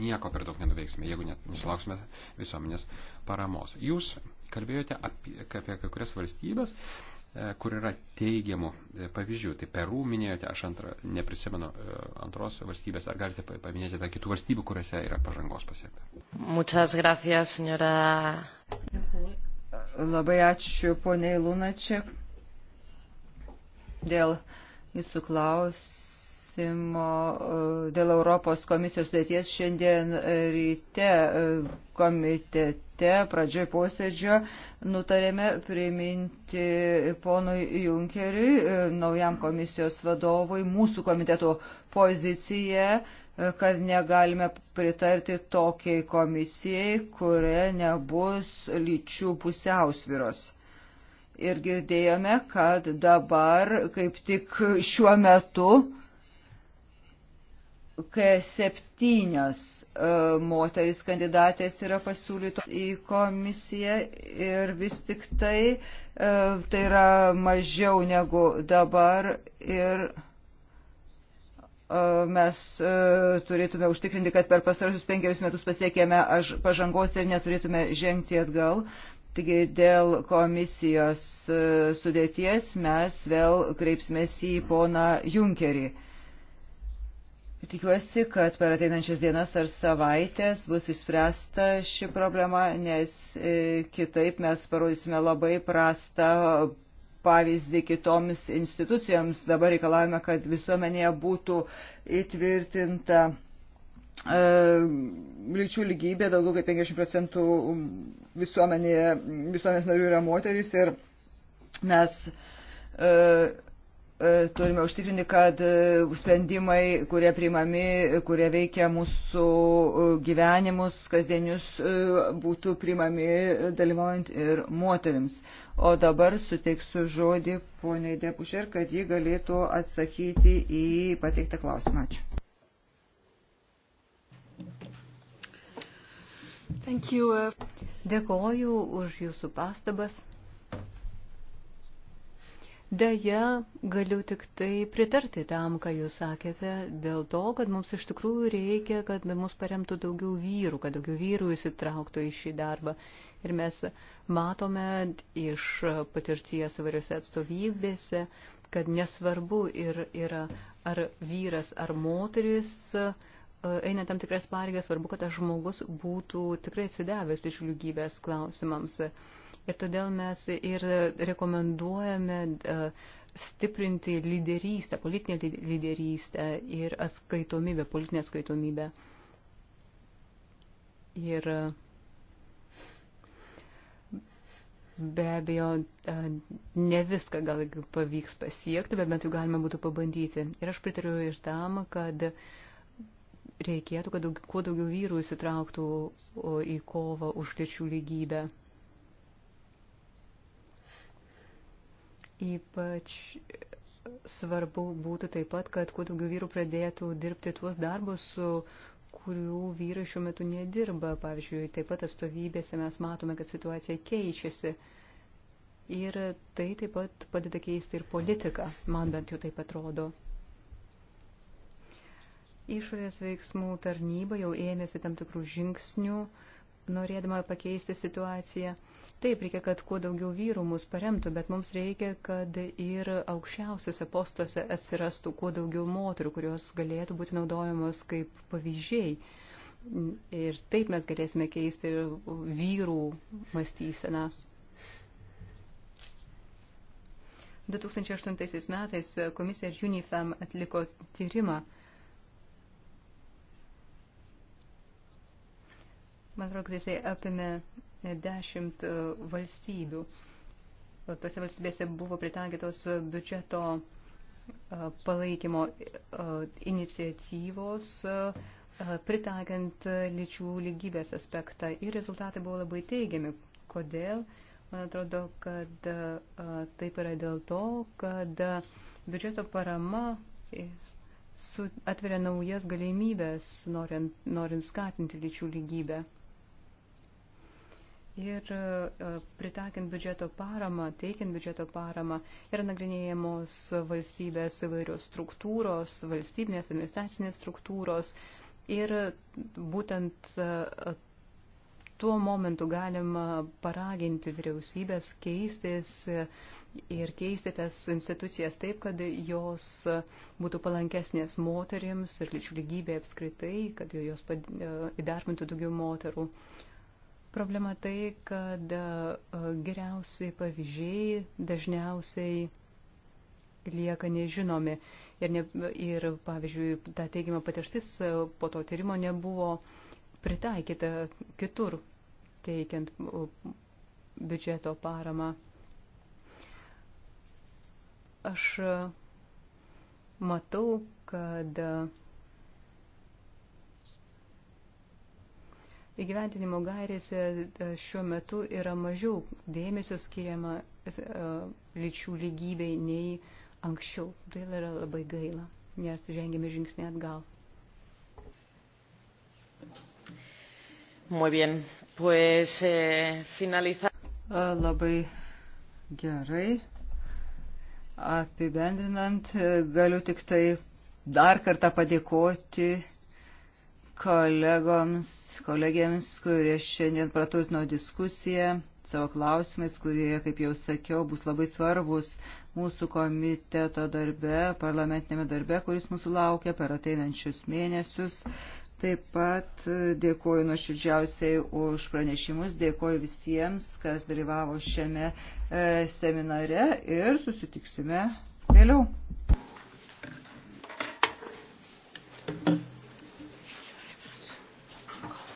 nieko per daug nenuveiksime, jeigu net nesulauksime visuomenės paramos. Jūs kalbėjote apie, apie kai kurias valstybės, e, kur yra teigiamų e, pavyzdžių. Tai Peru minėjote, aš antrą, neprisimenu e, antros valstybės, ar galite paminėti tą kitų valstybių, kuriuose yra pažangos pasiekta. Muchas gracias, senora. Labai ačiū poniai Lunačiak dėl jūsų klausimų klausimo e, dėl Europos komisijos sudėties šiandien e, ryte e, komitete pradžioj posėdžio nutarėme priminti ponui Junkeriui, naujam komisijos vadovui, mūsų komiteto poziciją kad negalime pritarti tokiai komisijai, kuria nebus lyčių pusiausviros. Ir girdėjome, kad dabar kaip tik šiuo metu septynios e, moteris kandidatės yra pasiūlytos į komisiją ir vis tik tai e, tai yra mažiau negu dabar ir e, mes turėtume užtikrinti, kad per pastarosius penkerius metus pasiekėme pažangos ir neturėtume žengti atgal. Taigi dėl komisijos sudėties mes vėl kreipsimės į poną Junkerį tikiuosi, kad per ateinančias dienas ar savaitės bus išspręsta ši problema, nes e, kitaip mes parodysime labai prastą pavyzdį kitoms institucijoms. Dabar reikalavime, kad visuomenėje būtų įtvirtinta e, lyčių lygybė, daugiau kaip 50 procentų visuomenės narių yra moteris ir mes e, E, turime užtikrinti, kad e, sprendimai, kurie priimami, kurie veikia mūsų e, gyvenimus, kasdienius, būtų priimami dalyvaujant ir moteriams. O dabar suteiksiu žodį poniai Depušer, kad ji galėtų atsakyti į pateiktą klausimą. Ačiū. Uh, Dėkoju už jūsų pastabas. Deja, galiu tik tai pritarti tam, ką jūs sakėte, dėl to, kad mums iš tikrųjų reikia, kad mus paremtų daugiau vyrų, kad daugiau vyrų įsitrauktų į šį darbą. Ir mes matome iš patirties įvairiose atstovybėse, kad nesvarbu ir, yra ar vyras ar moteris e, eina tam tikras pareigas, svarbu, kad tas žmogus būtų tikrai atsidavęs lyčių lygybės klausimams. Tai Ir todėl mes ir rekomenduojame e, stiprinti lyderystę, politinę lyderystę ir atskaitomybę, politinę atskaitomybę. Ir e, be abejo, e, ne viską gal pavyks pasiekti, bet bent jau galima būtų pabandyti. Ir aš pritariu ir tam, kad reikėtų, kad daug, kuo daugiau vyrų įsitrauktų į kovą už lyčių lygybę. Ypač svarbu būtų taip pat, kad kuo daugiau vyrų pradėtų dirbti tuos darbus, kurių vyrai šiuo metu nedirba. Pavyzdžiui, taip pat atstovybėse mes matome, kad situacija keičiasi. Ir tai taip pat padeda keisti ir politiką, man bent jau taip atrodo. Išorės veiksmų tarnyba jau ėmėsi tam tikrų žingsnių, norėdama pakeisti situaciją. Taip, reikia, kad kuo daugiau vyrų mus paremtų, bet mums reikia, kad ir aukščiausiuose postuose atsirastų kuo daugiau moterų, kurios galėtų būti naudojamos kaip pavyzdžiai. Ir taip mes galėsime keisti vyrų mąstyseną. 2008 metais komisija ir UNIFEM atliko tyrimą. Man atrodo, kad jisai apėmė dešimt e, valstybių. E, tose valstybėse buvo pritaikytos biudžeto e, palaikymo iniciatyvos, pritaikant lyčių lygybės aspektą. Ir rezultatai buvo labai teigiami. Kodėl? Man atrodo, kad taip yra dėl to, kad biudžeto parama atveria naujas galimybės, norint, norint skatinti lyčių lygybę. Ir e, e, pritaikant biudžeto paramą, teikiant biudžeto paramą, yra nagrinėjamos valstybės įvairios struktūros, valstybinės administracinės struktūros. Ir būtent e, tuo momentu galima paraginti vyriausybės keistis ir keisti tas institucijas taip, kad jos būtų palankesnės moterims ir lyčių lygybė apskritai, kad jos įdarbintų daugiau moterų. Uh, Problema tai, kad e, geriausiai pavyzdžiai dažniausiai lieka nežinomi. Ir, ne, ir pavyzdžiui, ta teigiama patirtis e, po to tyrimo nebuvo pritaikyta kitur teikiant biudžeto paramą. Aš e, matau, kad uh, įgyventinimo gairėse e, šiuo metu yra mažiau dėmesio skiriama e, lyčių lygybei nei anksčiau. Tai yra labai gaila, nes žengėme žingsnį atgal. Muy bien, pues eh, finaliza. Labai gerai. Apibendrinant, e, galiu tik tai dar kartą padėkoti kolegoms, kolegėms, kurie šiandien praturtino diskusiją savo klausimais, kurie, kaip jau sakiau, bus labai svarbus mūsų komiteto darbe, parlamentinėme darbe, kuris mūsų laukia per ateinančius mėnesius. Taip pat dėkoju nuoširdžiausiai už pranešimus, dėkoju visiems, kas dalyvavo šiame e, seminare ir susitiksime vėliau.